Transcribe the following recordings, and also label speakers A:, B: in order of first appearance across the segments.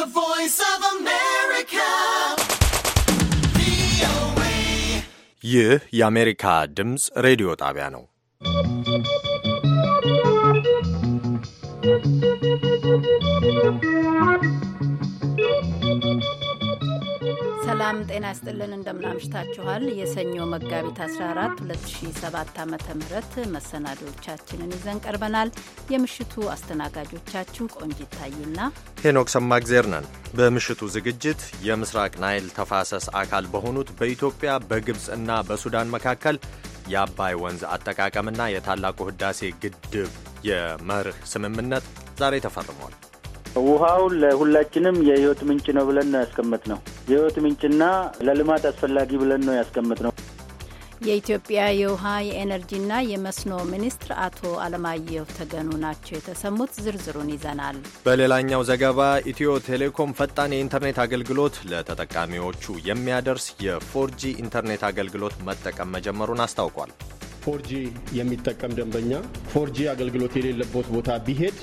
A: the voice of America.
B: ይህ የአሜሪካ ድምፅ ሬዲዮ ጣቢያ ነው።
C: Thank ሰላም ጤና ይስጥልን። እንደምናምሽታችኋል። የሰኞ መጋቢት 14 2007 ዓ ም መሰናዶቻችንን ይዘን ቀርበናል። የምሽቱ አስተናጋጆቻችሁ ቆንጂት ታይና
B: ሄኖክ ሰማግዜር ነን። በምሽቱ ዝግጅት የምስራቅ ናይል ተፋሰስ አካል በሆኑት በኢትዮጵያ በግብፅና በሱዳን መካከል የአባይ ወንዝ አጠቃቀምና የታላቁ ህዳሴ ግድብ የመርህ ስምምነት ዛሬ ተፈርሟል።
D: ውሃው ለሁላችንም የህይወት ምንጭ ነው ብለን ነው ያስቀምጥ ነው። የህይወት ምንጭና ለልማት አስፈላጊ ብለን ነው ያስቀምጥ ነው።
B: የኢትዮጵያ
C: የውሃ የኤነርጂና የመስኖ ሚኒስትር አቶ አለማየሁ ተገኑ ናቸው የተሰሙት። ዝርዝሩን ይዘናል።
B: በሌላኛው ዘገባ ኢትዮ ቴሌኮም ፈጣን የኢንተርኔት አገልግሎት ለተጠቃሚዎቹ የሚያደርስ የፎርጂ ኢንተርኔት አገልግሎት መጠቀም መጀመሩን አስታውቋል።
E: ፎርጂ የሚጠቀም ደንበኛ ፎርጂ አገልግሎት የሌለበት ቦታ ቢሄድ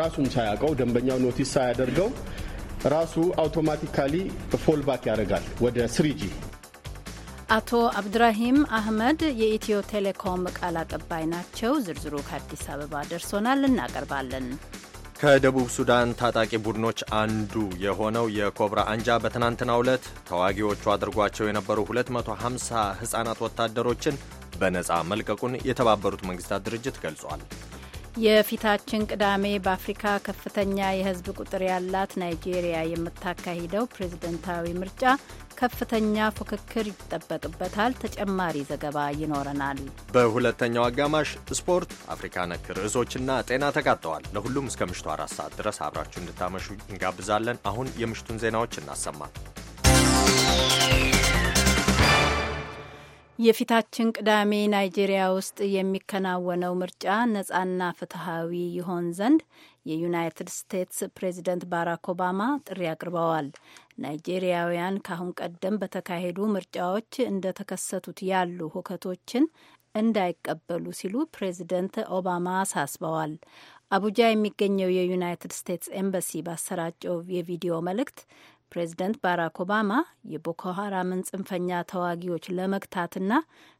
E: ራሱን ሳያውቀው ደንበኛው ኖቲስ ሳያደርገው ራሱ አውቶማቲካሊ ፎልባክ ያደርጋል ወደ ስሪጂ።
C: አቶ አብድራሂም አህመድ የኢትዮ ቴሌኮም ቃል አቀባይ ናቸው። ዝርዝሩ ከአዲስ አበባ ደርሶናል፣ እናቀርባለን።
B: ከደቡብ ሱዳን ታጣቂ ቡድኖች አንዱ የሆነው የኮብራ አንጃ በትናንትናው ዕለት ተዋጊዎቹ አድርጓቸው የነበሩ 250 ሕፃናት ወታደሮችን በነፃ መልቀቁን የተባበሩት መንግስታት ድርጅት ገልጿል።
C: የፊታችን ቅዳሜ በአፍሪካ ከፍተኛ የህዝብ ቁጥር ያላት ናይጄሪያ የምታካሂደው ፕሬዝደንታዊ ምርጫ ከፍተኛ ፉክክር ይጠበቅበታል። ተጨማሪ ዘገባ ይኖረናል።
B: በሁለተኛው አጋማሽ ስፖርት፣ አፍሪካ ነክ ርዕሶችና ጤና ተካተዋል። ለሁሉም እስከ ምሽቱ አራት ሰዓት ድረስ አብራችሁ እንድታመሹ እንጋብዛለን። አሁን የምሽቱን ዜናዎች እናሰማ።
C: የፊታችን ቅዳሜ ናይጄሪያ ውስጥ የሚከናወነው ምርጫ ነጻና ፍትሐዊ ይሆን ዘንድ የዩናይትድ ስቴትስ ፕሬዚደንት ባራክ ኦባማ ጥሪ አቅርበዋል። ናይጄሪያውያን ከአሁን ቀደም በተካሄዱ ምርጫዎች እንደተከሰቱት ያሉ ሁከቶችን እንዳይቀበሉ ሲሉ ፕሬዚደንት ኦባማ አሳስበዋል። አቡጃ የሚገኘው የዩናይትድ ስቴትስ ኤምባሲ ባሰራጨው የቪዲዮ መልእክት ፕሬዚደንት ባራክ ኦባማ የቦኮ ሀራምን ጽንፈኛ ተዋጊዎች ለመግታትና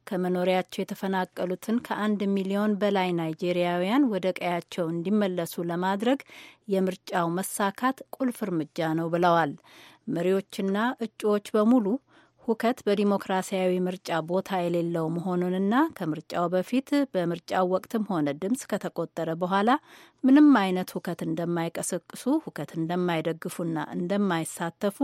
C: ከመኖሪያቸው የተፈናቀሉትን ከአንድ ሚሊዮን በላይ ናይጄሪያውያን ወደ ቀያቸው እንዲመለሱ ለማድረግ የምርጫው መሳካት ቁልፍ እርምጃ ነው ብለዋል። መሪዎችና እጩዎች በሙሉ ሁከት በዲሞክራሲያዊ ምርጫ ቦታ የሌለው መሆኑንና ከምርጫው በፊት በምርጫው ወቅትም ሆነ ድምፅ ከተቆጠረ በኋላ ምንም አይነት ሁከት እንደማይቀሰቅሱ፣ ሁከት እንደማይደግፉና እንደማይሳተፉ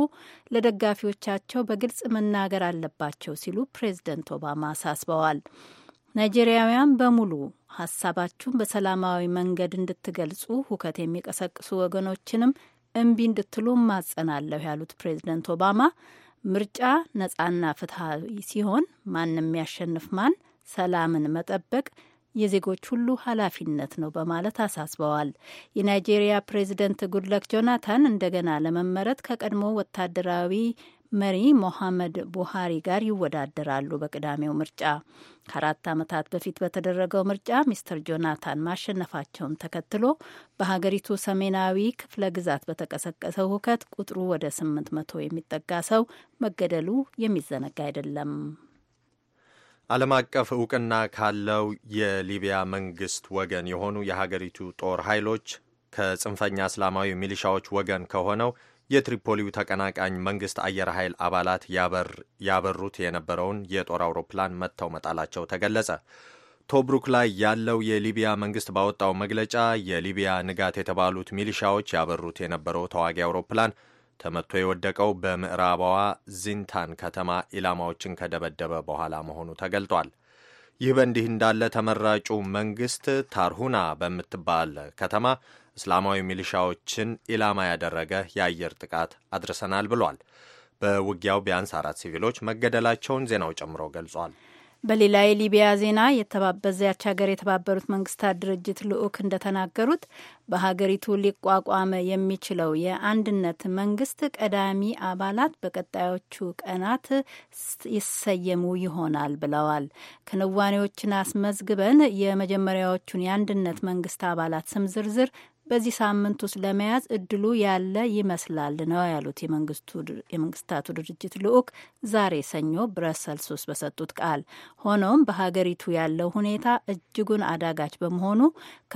C: ለደጋፊዎቻቸው በግልጽ መናገር አለባቸው ሲሉ ፕሬዝደንት ኦባማ አሳስበዋል። ናይጄሪያውያን በሙሉ ሀሳባችሁን በሰላማዊ መንገድ እንድትገልጹ ሁከት የሚቀሰቅሱ ወገኖችንም እምቢ እንድትሉ ማጸናለሁ ያሉት ፕሬዝደንት ኦባማ ምርጫ ነፃና ፍትሐዊ ሲሆን ማንም ያሸንፍ ማን ሰላምን መጠበቅ የዜጎች ሁሉ ኃላፊነት ነው በማለት አሳስበዋል። የናይጄሪያ ፕሬዚደንት ጉድለክ ጆናታን እንደገና ለመመረጥ ከቀድሞ ወታደራዊ መሪ ሞሐመድ ቡሃሪ ጋር ይወዳደራሉ በቅዳሜው ምርጫ። ከአራት ዓመታት በፊት በተደረገው ምርጫ ሚስተር ጆናታን ማሸነፋቸውን ተከትሎ በሀገሪቱ ሰሜናዊ ክፍለ ግዛት በተቀሰቀሰው ሁከት ቁጥሩ ወደ ስምንት መቶ የሚጠጋ ሰው መገደሉ የሚዘነጋ አይደለም።
B: ዓለም አቀፍ እውቅና ካለው የሊቢያ መንግስት ወገን የሆኑ የሀገሪቱ ጦር ኃይሎች ከጽንፈኛ እስላማዊ ሚሊሻዎች ወገን ከሆነው የትሪፖሊው ተቀናቃኝ መንግስት አየር ኃይል አባላት ያበሩት የነበረውን የጦር አውሮፕላን መጥተው መጣላቸው ተገለጸ። ቶብሩክ ላይ ያለው የሊቢያ መንግስት ባወጣው መግለጫ የሊቢያ ንጋት የተባሉት ሚሊሻዎች ያበሩት የነበረው ተዋጊ አውሮፕላን ተመቶ የወደቀው በምዕራባዋ ዚንታን ከተማ ኢላማዎችን ከደበደበ በኋላ መሆኑ ተገልጧል። ይህ በእንዲህ እንዳለ ተመራጩ መንግስት ታርሁና በምትባል ከተማ እስላማዊ ሚሊሻዎችን ኢላማ ያደረገ የአየር ጥቃት አድርሰናል ብሏል። በውጊያው ቢያንስ አራት ሲቪሎች መገደላቸውን ዜናው ጨምሮ ገልጿል።
C: በሌላ የሊቢያ ዜና በዚያች ሀገር የተባበሩት መንግስታት ድርጅት ልዑክ እንደተናገሩት በሀገሪቱ ሊቋቋም የሚችለው የአንድነት መንግስት ቀዳሚ አባላት በቀጣዮቹ ቀናት ይሰየሙ ይሆናል ብለዋል። ክንዋኔዎችን አስመዝግበን የመጀመሪያዎቹን የአንድነት መንግስት አባላት ስም ዝርዝር በዚህ ሳምንት ውስጥ ለመያዝ እድሉ ያለ ይመስላል ነው ያሉት የመንግስታቱ ድርጅት ልዑክ ዛሬ ሰኞ ብረሰልስ ውስጥ በሰጡት ቃል። ሆኖም በሀገሪቱ ያለው ሁኔታ እጅጉን አዳጋች በመሆኑ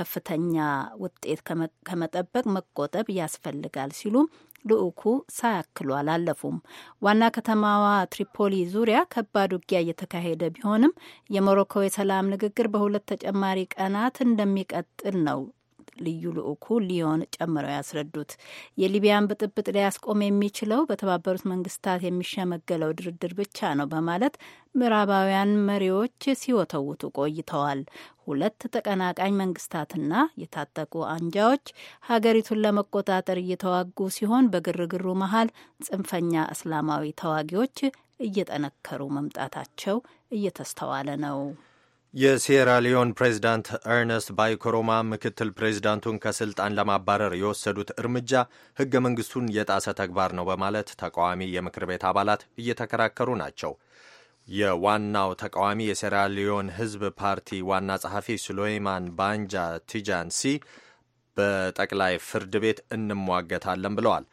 C: ከፍተኛ ውጤት ከመጠበቅ መቆጠብ ያስፈልጋል ሲሉም ልዑኩ ሳያክሉ አላለፉም። ዋና ከተማዋ ትሪፖሊ ዙሪያ ከባድ ውጊያ እየተካሄደ ቢሆንም የሞሮኮ የሰላም ንግግር በሁለት ተጨማሪ ቀናት እንደሚቀጥል ነው ልዩ ልኡኩ ሊዮን ጨምረው ያስረዱት። የሊቢያን ብጥብጥ ሊያስቆም የሚችለው በተባበሩት መንግስታት የሚሸመገለው ድርድር ብቻ ነው በማለት ምዕራባውያን መሪዎች ሲወተውቱ ቆይተዋል። ሁለት ተቀናቃኝ መንግስታትና የታጠቁ አንጃዎች ሀገሪቱን ለመቆጣጠር እየተዋጉ ሲሆን በግርግሩ መሀል ጽንፈኛ እስላማዊ ተዋጊዎች እየጠነከሩ መምጣታቸው እየተስተዋለ ነው።
B: የሴራሊዮን ፕሬዚዳንት ኤርነስት ባይኮሮማ ምክትል ፕሬዚዳንቱን ከስልጣን ለማባረር የወሰዱት እርምጃ ሕገ መንግሥቱን የጣሰ ተግባር ነው በማለት ተቃዋሚ የምክር ቤት አባላት እየተከራከሩ ናቸው። የዋናው ተቃዋሚ የሴራሊዮን ህዝብ ፓርቲ ዋና ጸሐፊ ሱሌይማን ባንጃ ቲጃንሲ በጠቅላይ ፍርድ ቤት እንሟገታለን ብለዋል።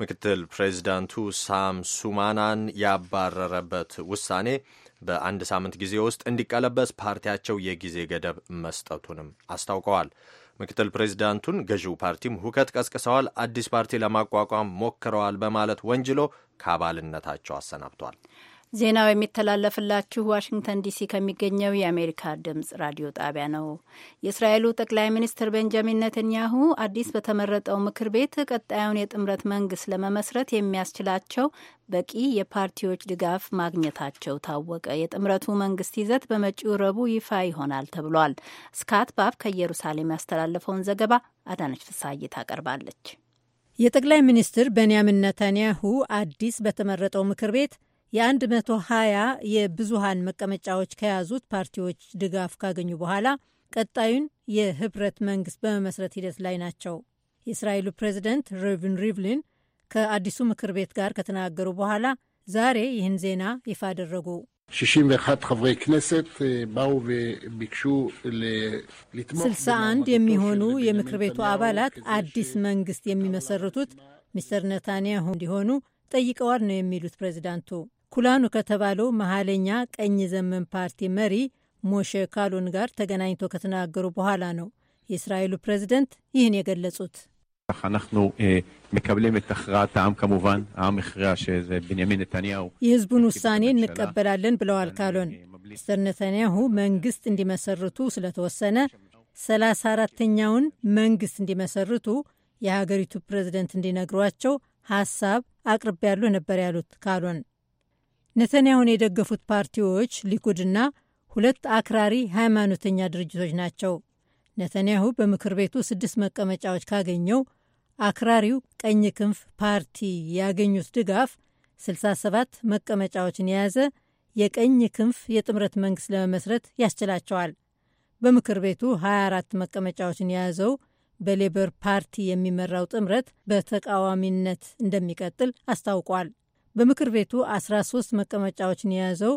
B: ምክትል ፕሬዚዳንቱ ሳም ሱማናን ያባረረበት ውሳኔ በአንድ ሳምንት ጊዜ ውስጥ እንዲቀለበስ ፓርቲያቸው የጊዜ ገደብ መስጠቱንም አስታውቀዋል። ምክትል ፕሬዚዳንቱን ገዢው ፓርቲም ሁከት ቀስቅሰዋል፣ አዲስ ፓርቲ ለማቋቋም ሞክረዋል በማለት ወንጅሎ ከአባልነታቸው አሰናብቷል።
C: ዜናው የሚተላለፍላችሁ ዋሽንግተን ዲሲ ከሚገኘው የአሜሪካ ድምጽ ራዲዮ ጣቢያ ነው። የእስራኤሉ ጠቅላይ ሚኒስትር ቤንጃሚን ነተንያሁ አዲስ በተመረጠው ምክር ቤት ቀጣዩን የጥምረት መንግስት ለመመስረት የሚያስችላቸው በቂ የፓርቲዎች ድጋፍ ማግኘታቸው ታወቀ። የጥምረቱ መንግስት ይዘት በመጪው ረቡዕ ይፋ ይሆናል ተብሏል። ስካት ባብ ከኢየሩሳሌም ያስተላለፈውን ዘገባ አዳነች ፍሳሐዬ ታቀርባለች።
F: የጠቅላይ ሚኒስትር ቤንያሚን ነተንያሁ አዲስ በተመረጠው ምክር ቤት የ120 የብዙሃን መቀመጫዎች ከያዙት ፓርቲዎች ድጋፍ ካገኙ በኋላ ቀጣዩን የህብረት መንግስት በመመስረት ሂደት ላይ ናቸው። የእስራኤሉ ፕሬዚደንት ሮቪን ሪቭሊን ከአዲሱ ምክር ቤት ጋር ከተናገሩ በኋላ ዛሬ ይህን ዜና ይፋ አደረጉ።
E: 61 חברי ክነሰት ባው ቢክሹ לתמוך
F: 61 የሚሆኑ የምክር ቤቱ አባላት አዲስ መንግስት የሚመሰርቱት ሚስተር ነታንያሁ እንዲሆኑ ጠይቀዋል ነው የሚሉት ፕሬዚዳንቱ። ኩላኑ ከተባለው መሀለኛ ቀኝ ዘመን ፓርቲ መሪ ሞሼ ካሉን ጋር ተገናኝቶ ከተናገሩ በኋላ ነው የእስራኤሉ ፕሬዝደንት ይህን የገለጹት። የህዝቡን ውሳኔ እንቀበላለን ብለዋል ካሎን። ሚስተር ነታንያሁ መንግስት እንዲመሰርቱ ስለተወሰነ 34ተኛውን መንግስት እንዲመሰርቱ የሀገሪቱ ፕሬዝደንት እንዲነግሯቸው ሀሳብ አቅርቤያለሁ ነበር ያሉት ካሎን። ነተንያሁን የደገፉት ፓርቲዎች ሊኩድና ሁለት አክራሪ ሃይማኖተኛ ድርጅቶች ናቸው። ነተንያሁ በምክር ቤቱ ስድስት መቀመጫዎች ካገኘው አክራሪው ቀኝ ክንፍ ፓርቲ ያገኙት ድጋፍ 67 መቀመጫዎችን የያዘ የቀኝ ክንፍ የጥምረት መንግሥት ለመመስረት ያስችላቸዋል። በምክር ቤቱ 24 መቀመጫዎችን የያዘው በሌበር ፓርቲ የሚመራው ጥምረት በተቃዋሚነት እንደሚቀጥል አስታውቋል። በምክር ቤቱ 13 መቀመጫዎችን የያዘው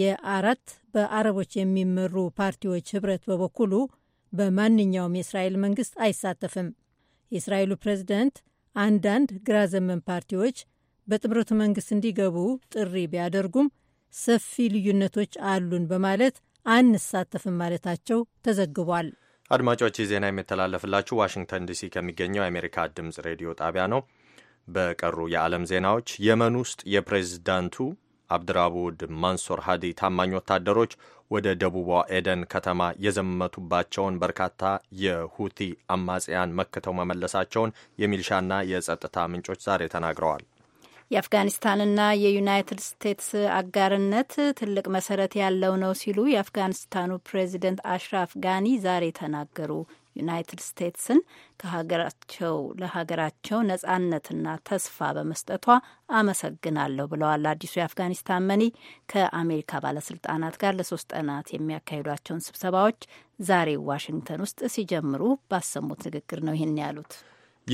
F: የአራት በአረቦች የሚመሩ ፓርቲዎች ህብረት በበኩሉ በማንኛውም የእስራኤል መንግስት አይሳተፍም። የእስራኤሉ ፕሬዚደንት አንዳንድ ግራ ዘመን ፓርቲዎች በጥምረቱ መንግስት እንዲገቡ ጥሪ ቢያደርጉም ሰፊ ልዩነቶች አሉን በማለት አንሳተፍም ማለታቸው ተዘግቧል።
B: አድማጮች፣ ዜና የሚተላለፍላችሁ ዋሽንግተን ዲሲ ከሚገኘው የአሜሪካ ድምፅ ሬዲዮ ጣቢያ ነው። በቀሩ የዓለም ዜናዎች የመን ውስጥ የፕሬዝዳንቱ አብድራቡድ ማንሶር ሃዲ ታማኝ ወታደሮች ወደ ደቡቧ ኤደን ከተማ የዘመቱባቸውን በርካታ የሁቲ አማጽያን መክተው መመለሳቸውን የሚልሻና የጸጥታ ምንጮች ዛሬ ተናግረዋል።
C: የአፍጋኒስታንና የዩናይትድ ስቴትስ አጋርነት ትልቅ መሰረት ያለው ነው ሲሉ የአፍጋኒስታኑ ፕሬዚደንት አሽራፍ ጋኒ ዛሬ ተናገሩ። ዩናይትድ ስቴትስን ከሀገራቸው ለሀገራቸው ነጻነትና ተስፋ በመስጠቷ አመሰግናለሁ ብለዋል። አዲሱ የአፍጋኒስታን መኒ ከአሜሪካ ባለስልጣናት ጋር ለሶስት ቀናት የሚያካሂዷቸውን ስብሰባዎች ዛሬ ዋሽንግተን ውስጥ ሲጀምሩ ባሰሙት ንግግር ነው ይህን ያሉት።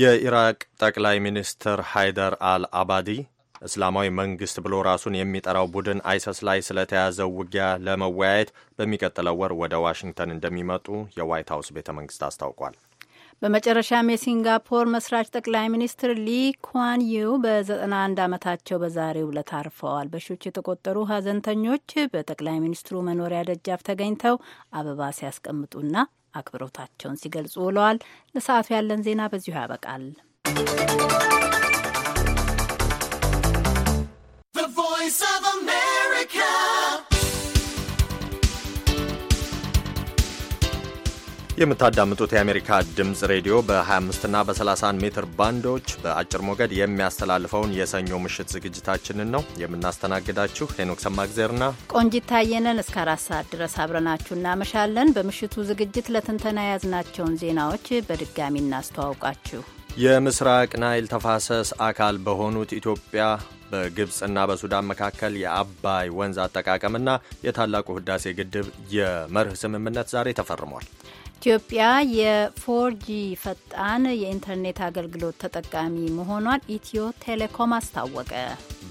B: የኢራቅ ጠቅላይ ሚኒስትር ሃይደር አል አባዲ እስላማዊ መንግስት ብሎ ራሱን የሚጠራው ቡድን አይሰስ ላይ ስለተያዘው ውጊያ ለመወያየት በሚቀጥለው ወር ወደ ዋሽንግተን እንደሚመጡ የዋይት ሀውስ ቤተ መንግስት አስታውቋል።
C: በመጨረሻም የሲንጋፖር መስራች ጠቅላይ ሚኒስትር ሊ ኳን ዩ በ91 ዓመታቸው በዛሬው ዕለት አርፈዋል። በሺዎች የተቆጠሩ ሀዘንተኞች በጠቅላይ ሚኒስትሩ መኖሪያ ደጃፍ ተገኝተው አበባ ሲያስቀምጡና አክብሮታቸውን ሲገልጹ ውለዋል። ለሰዓቱ ያለን ዜና በዚሁ ያበቃል።
B: የምታዳምጡት የአሜሪካ ድምፅ ሬዲዮ በ25 እና በ31 ሜትር ባንዶች በአጭር ሞገድ የሚያስተላልፈውን የሰኞ ምሽት ዝግጅታችንን ነው የምናስተናግዳችሁ። ሄኖክ ሰማግዜርና
C: ቆንጂት ታየነን እስከ አራት ሰዓት ድረስ አብረናችሁ እናመሻለን። በምሽቱ ዝግጅት ለትንተና የያዝናቸውን ዜናዎች በድጋሚ እናስተዋውቃችሁ።
B: የምስራቅ ናይል ተፋሰስ አካል በሆኑት ኢትዮጵያ በግብፅና በሱዳን መካከል የአባይ ወንዝ አጠቃቀምና የታላቁ ህዳሴ ግድብ የመርህ ስምምነት ዛሬ ተፈርሟል።
C: ኢትዮጵያ የፎርጂ ፈጣን የኢንተርኔት አገልግሎት ተጠቃሚ መሆኗን ኢትዮ ቴሌኮም አስታወቀ።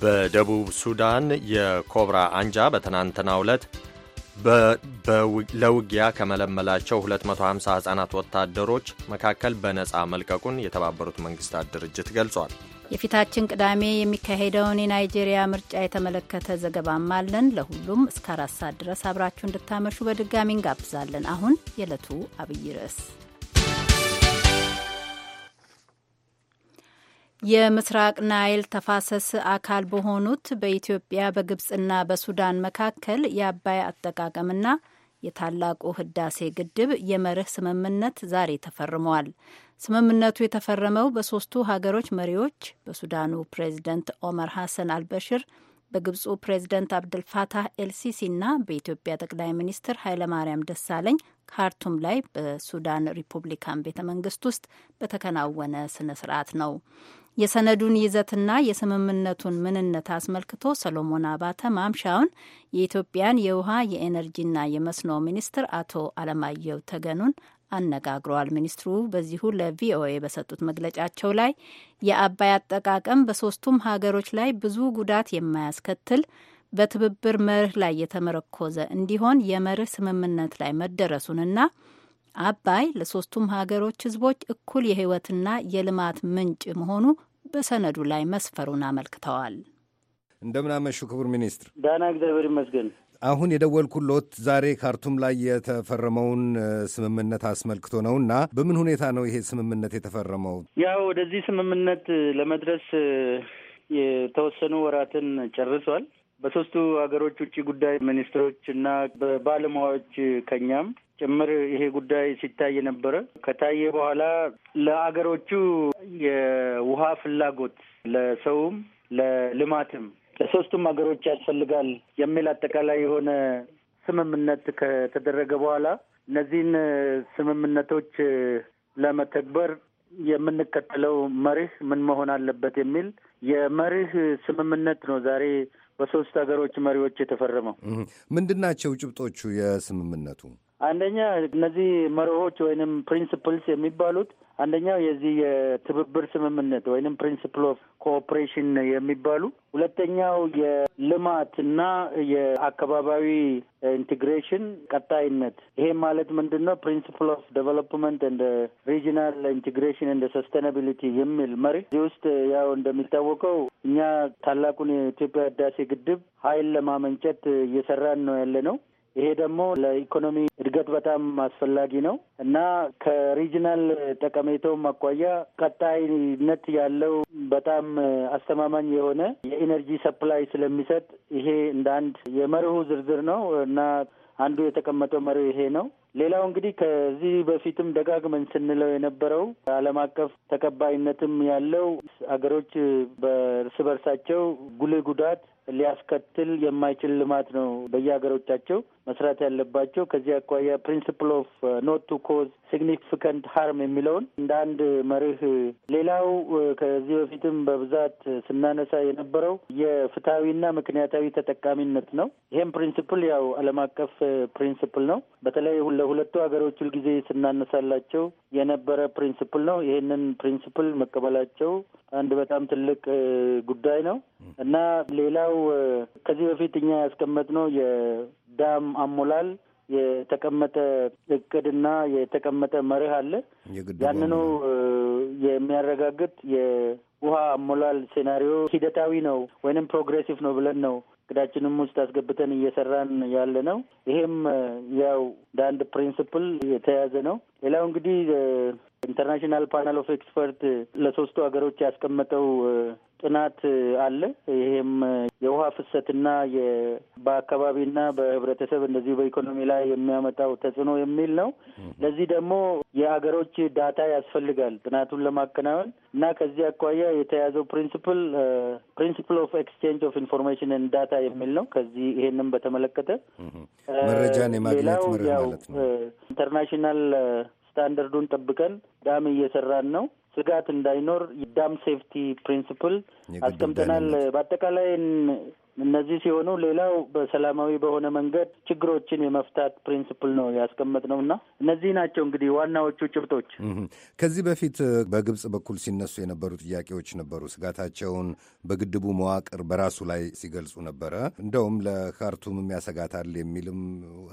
B: በደቡብ ሱዳን የኮብራ አንጃ በትናንትናው ዕለት ለውጊያ ከመለመላቸው 250 ህጻናት ወታደሮች መካከል በነፃ መልቀቁን የተባበሩት መንግስታት ድርጅት ገልጿል።
C: የፊታችን ቅዳሜ የሚካሄደውን የናይጄሪያ ምርጫ የተመለከተ ዘገባም አለን። ለሁሉም እስከ አራት ሰዓት ድረስ አብራችሁ እንድታመሹ በድጋሚ እንጋብዛለን። አሁን የዕለቱ አብይ ርዕስ የምስራቅ ናይል ተፋሰስ አካል በሆኑት በኢትዮጵያ በግብጽና በሱዳን መካከል የአባይ አጠቃቀምና የታላቁ ህዳሴ ግድብ የመርህ ስምምነት ዛሬ ተፈርመዋል። ስምምነቱ የተፈረመው በሶስቱ ሀገሮች መሪዎች በሱዳኑ ፕሬዝደንት ኦመር ሐሰን አልበሽር በግብፁ ፕሬዝደንት አብድልፋታህ እና በኢትዮጵያ ጠቅላይ ሚኒስትር ኃይለማርያም ደሳለኝ ካርቱም ላይ በሱዳን ሪፑብሊካን ቤተ መንግስት ውስጥ በተከናወነ ስነ ስርዓት ነው። የሰነዱን ይዘትና የስምምነቱን ምንነት አስመልክቶ ሰሎሞን አባተ ማምሻውን የኢትዮጵያን የውሃ የኤነርጂና የመስኖ ሚኒስትር አቶ አለማየሁ ተገኑን አነጋግሯል። ሚኒስትሩ በዚሁ ለቪኦኤ በሰጡት መግለጫቸው ላይ የአባይ አጠቃቀም በሶስቱም ሀገሮች ላይ ብዙ ጉዳት የማያስከትል በትብብር መርህ ላይ የተመረኮዘ እንዲሆን የመርህ ስምምነት ላይ መደረሱንና አባይ ለሶስቱም ሀገሮች ህዝቦች እኩል የህይወትና የልማት ምንጭ መሆኑ በሰነዱ ላይ መስፈሩን አመልክተዋል።
G: እንደምናመሹ ክቡር ሚኒስትር።
D: ደህና እግዚአብሔር ይመስገን።
G: አሁን የደወልኩሎት ዛሬ ካርቱም ላይ የተፈረመውን ስምምነት አስመልክቶ ነው እና በምን ሁኔታ ነው ይሄ ስምምነት የተፈረመው?
D: ያው ወደዚህ ስምምነት ለመድረስ የተወሰኑ ወራትን ጨርሷል። በሶስቱ ሀገሮች ውጭ ጉዳይ ሚኒስትሮች እና በባለሙያዎች ከኛም ጭምር ይሄ ጉዳይ ሲታይ ነበረ። ከታየ በኋላ ለአገሮቹ የውሃ ፍላጎት ለሰውም ለልማትም ለሶስቱም ሀገሮች ያስፈልጋል የሚል አጠቃላይ የሆነ ስምምነት ከተደረገ በኋላ እነዚህን ስምምነቶች ለመተግበር የምንከተለው መርህ ምን መሆን አለበት የሚል የመርህ ስምምነት ነው ዛሬ በሶስት ሀገሮች መሪዎች የተፈረመው።
G: ምንድን ናቸው ጭብጦቹ የስምምነቱ?
D: አንደኛ እነዚህ መርሆች ወይንም ፕሪንስፕልስ የሚባሉት አንደኛው የዚህ የትብብር ስምምነት ወይንም ፕሪንስፕል ኦፍ ኮኦፕሬሽን የሚባሉ ሁለተኛው የልማት እና የአካባቢያዊ ኢንቴግሬሽን ቀጣይነት። ይሄ ማለት ምንድን ነው? ፕሪንስፕል ኦፍ ዴቨሎፕመንት እንደ ሪጂናል ኢንቴግሬሽን እንደ ሰስቴናቢሊቲ የሚል መሪ እዚህ ውስጥ ያው እንደሚታወቀው እኛ ታላቁን የኢትዮጵያ ህዳሴ ግድብ ኃይል ለማመንጨት እየሰራን ነው ያለ ነው። ይሄ ደግሞ ለኢኮኖሚ እድገት በጣም አስፈላጊ ነው እና ከሪጅናል ጠቀሜታውም አኳያ ቀጣይነት ያለው በጣም አስተማማኝ የሆነ የኢነርጂ ሰፕላይ ስለሚሰጥ ይሄ እንደ አንድ የመርሁ ዝርዝር ነው እና አንዱ የተቀመጠው መርህ ይሄ ነው። ሌላው እንግዲህ ከዚህ በፊትም ደጋግመን ስንለው የነበረው ዓለም አቀፍ ተቀባይነትም ያለው አገሮች በእርስ በርሳቸው ጉልህ ጉዳት ሊያስከትል የማይችል ልማት ነው በየሀገሮቻቸው መስራት ያለባቸው። ከዚህ አኳያ ፕሪንስፕል ኦፍ ኖት ቱ ኮዝ ሲግኒፊካንት ሀርም የሚለውን እንደ አንድ መርህ፣ ሌላው uh, ከዚህ በፊትም በብዛት ስናነሳ የነበረው የፍትሐዊና ምክንያታዊ ተጠቃሚነት ነው። ይሄም ፕሪንስፕል ያው ዓለም አቀፍ ፕሪንስፕል uh, ነው። በተለይ ለሁለቱ ሀገሮች ሁልጊዜ ስናነሳላቸው የነበረ ፕሪንስፕል ነው። ይሄንን ፕሪንስፕል መቀበላቸው አንድ በጣም ትልቅ uh, ጉዳይ ነው እና ሌላው ሌላው ከዚህ በፊት እኛ ያስቀመጥነው የዳም አሞላል የተቀመጠ እቅድና የተቀመጠ መርህ አለ። ያንኑ የሚያረጋግጥ የውሃ አሞላል ሴናሪዮ ሂደታዊ ነው ወይንም ፕሮግሬሲቭ ነው ብለን ነው እቅዳችንም ውስጥ አስገብተን እየሰራን ያለ ነው። ይሄም ያው እንደ አንድ ፕሪንስፕል የተያዘ ነው። ሌላው እንግዲህ ኢንተርናሽናል ፓናል ኦፍ ኤክስፐርት ለሶስቱ ሀገሮች ያስቀመጠው ጥናት አለ። ይሄም የውሃ ፍሰትና በአካባቢና በህብረተሰብ እንደዚሁ በኢኮኖሚ ላይ የሚያመጣው ተጽዕኖ የሚል ነው። ለዚህ ደግሞ የሀገሮች ዳታ ያስፈልጋል ጥናቱን ለማከናወን እና ከዚህ አኳያ የተያዘው ፕሪንስፕል ፕሪንስፕል ኦፍ ኤክስቼንጅ ኦፍ ኢንፎርሜሽን ኤንድ ዳታ የሚል ነው። ከዚህ ይሄንም በተመለከተ
G: መረጃን የማግኘት ምር
D: ማለት ነው። ኢንተርናሽናል ስታንዳርዱን ጠብቀን ዳም እየሰራን ነው። ስጋት እንዳይኖር የዳም ሴፍቲ ፕሪንስፕል አስቀምጠናል። በአጠቃላይ እነዚህ ሲሆኑ ሌላው በሰላማዊ በሆነ መንገድ ችግሮችን የመፍታት ፕሪንስፕል ነው ነው እና እነዚህ ናቸው እንግዲህ ዋናዎቹ ጭብጦች።
G: ከዚህ በፊት በግብጽ በኩል ሲነሱ የነበሩ ጥያቄዎች ነበሩ። ስጋታቸውን በግድቡ መዋቅር በራሱ ላይ ሲገልጹ ነበረ። እንደውም ለካርቱምም ያሰጋታል የሚልም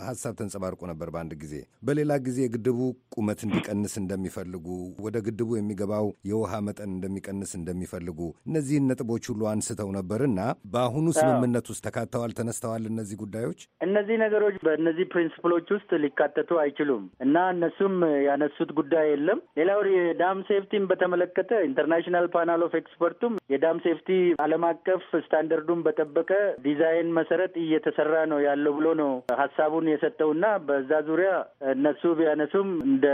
G: ሀሳብ ተንጸባርቆ ነበር በአንድ ጊዜ። በሌላ ጊዜ የግድቡ ቁመት እንዲቀንስ እንደሚፈልጉ፣ ወደ ግድቡ የሚገባው የውሃ መጠን እንደሚቀንስ እንደሚፈልጉ እነዚህን ነጥቦች ሁሉ አንስተው ነበርና በአሁኑ ስምምነት ውስጥ ተካተዋል ተነስተዋል። እነዚህ ጉዳዮች
D: እነዚህ ነገሮች በእነዚህ ፕሪንስፕሎች ውስጥ ሊካተቱ አይችሉም እና እነሱም ያነሱት ጉዳይ የለም። ሌላው የዳም ሴፍቲን በተመለከተ ኢንተርናሽናል ፓናል ኦፍ ኤክስፐርቱም የዳም ሴፍቲ ዓለም አቀፍ ስታንደርዱን በጠበቀ ዲዛይን መሰረት እየተሰራ ነው ያለው ብሎ ነው ሀሳቡን የሰጠውና በዛ ዙሪያ እነሱ ቢያነሱም እንደ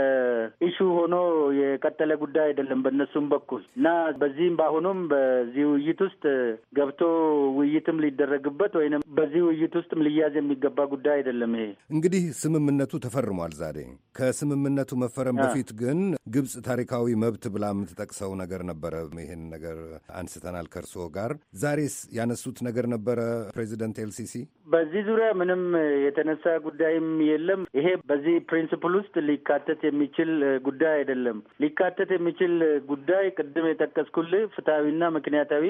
D: ኢሹ ሆኖ የቀጠለ ጉዳይ አይደለም በእነሱም በኩል እና በዚህም በአሁኑም በዚህ ውይይት ውስጥ ገብቶ ውይይትም ሊደረግበት ወይንም በዚህ ውይይት ውስጥም ሊያዝ የሚገባ ጉዳይ አይደለም። ይሄ
G: እንግዲህ ስምምነቱ ተፈርሟል ዛሬ። ከስምምነቱ መፈረም በፊት ግን ግብፅ ታሪካዊ መብት ብላ የምትጠቅሰው ነገር ነበረ። ይህን ነገር አንስተናል ከእርስዎ ጋር። ዛሬስ ያነሱት ነገር ነበረ ፕሬዚደንት ኤልሲሲ
D: በዚህ ዙሪያ ምንም የተነሳ ጉዳይም የለም። ይሄ በዚህ ፕሪንስፕል ውስጥ ሊካተት የሚችል ጉዳይ አይደለም። ሊካተት የሚችል ጉዳይ ቅድም የጠቀስኩልህ ፍትሐዊና ምክንያታዊ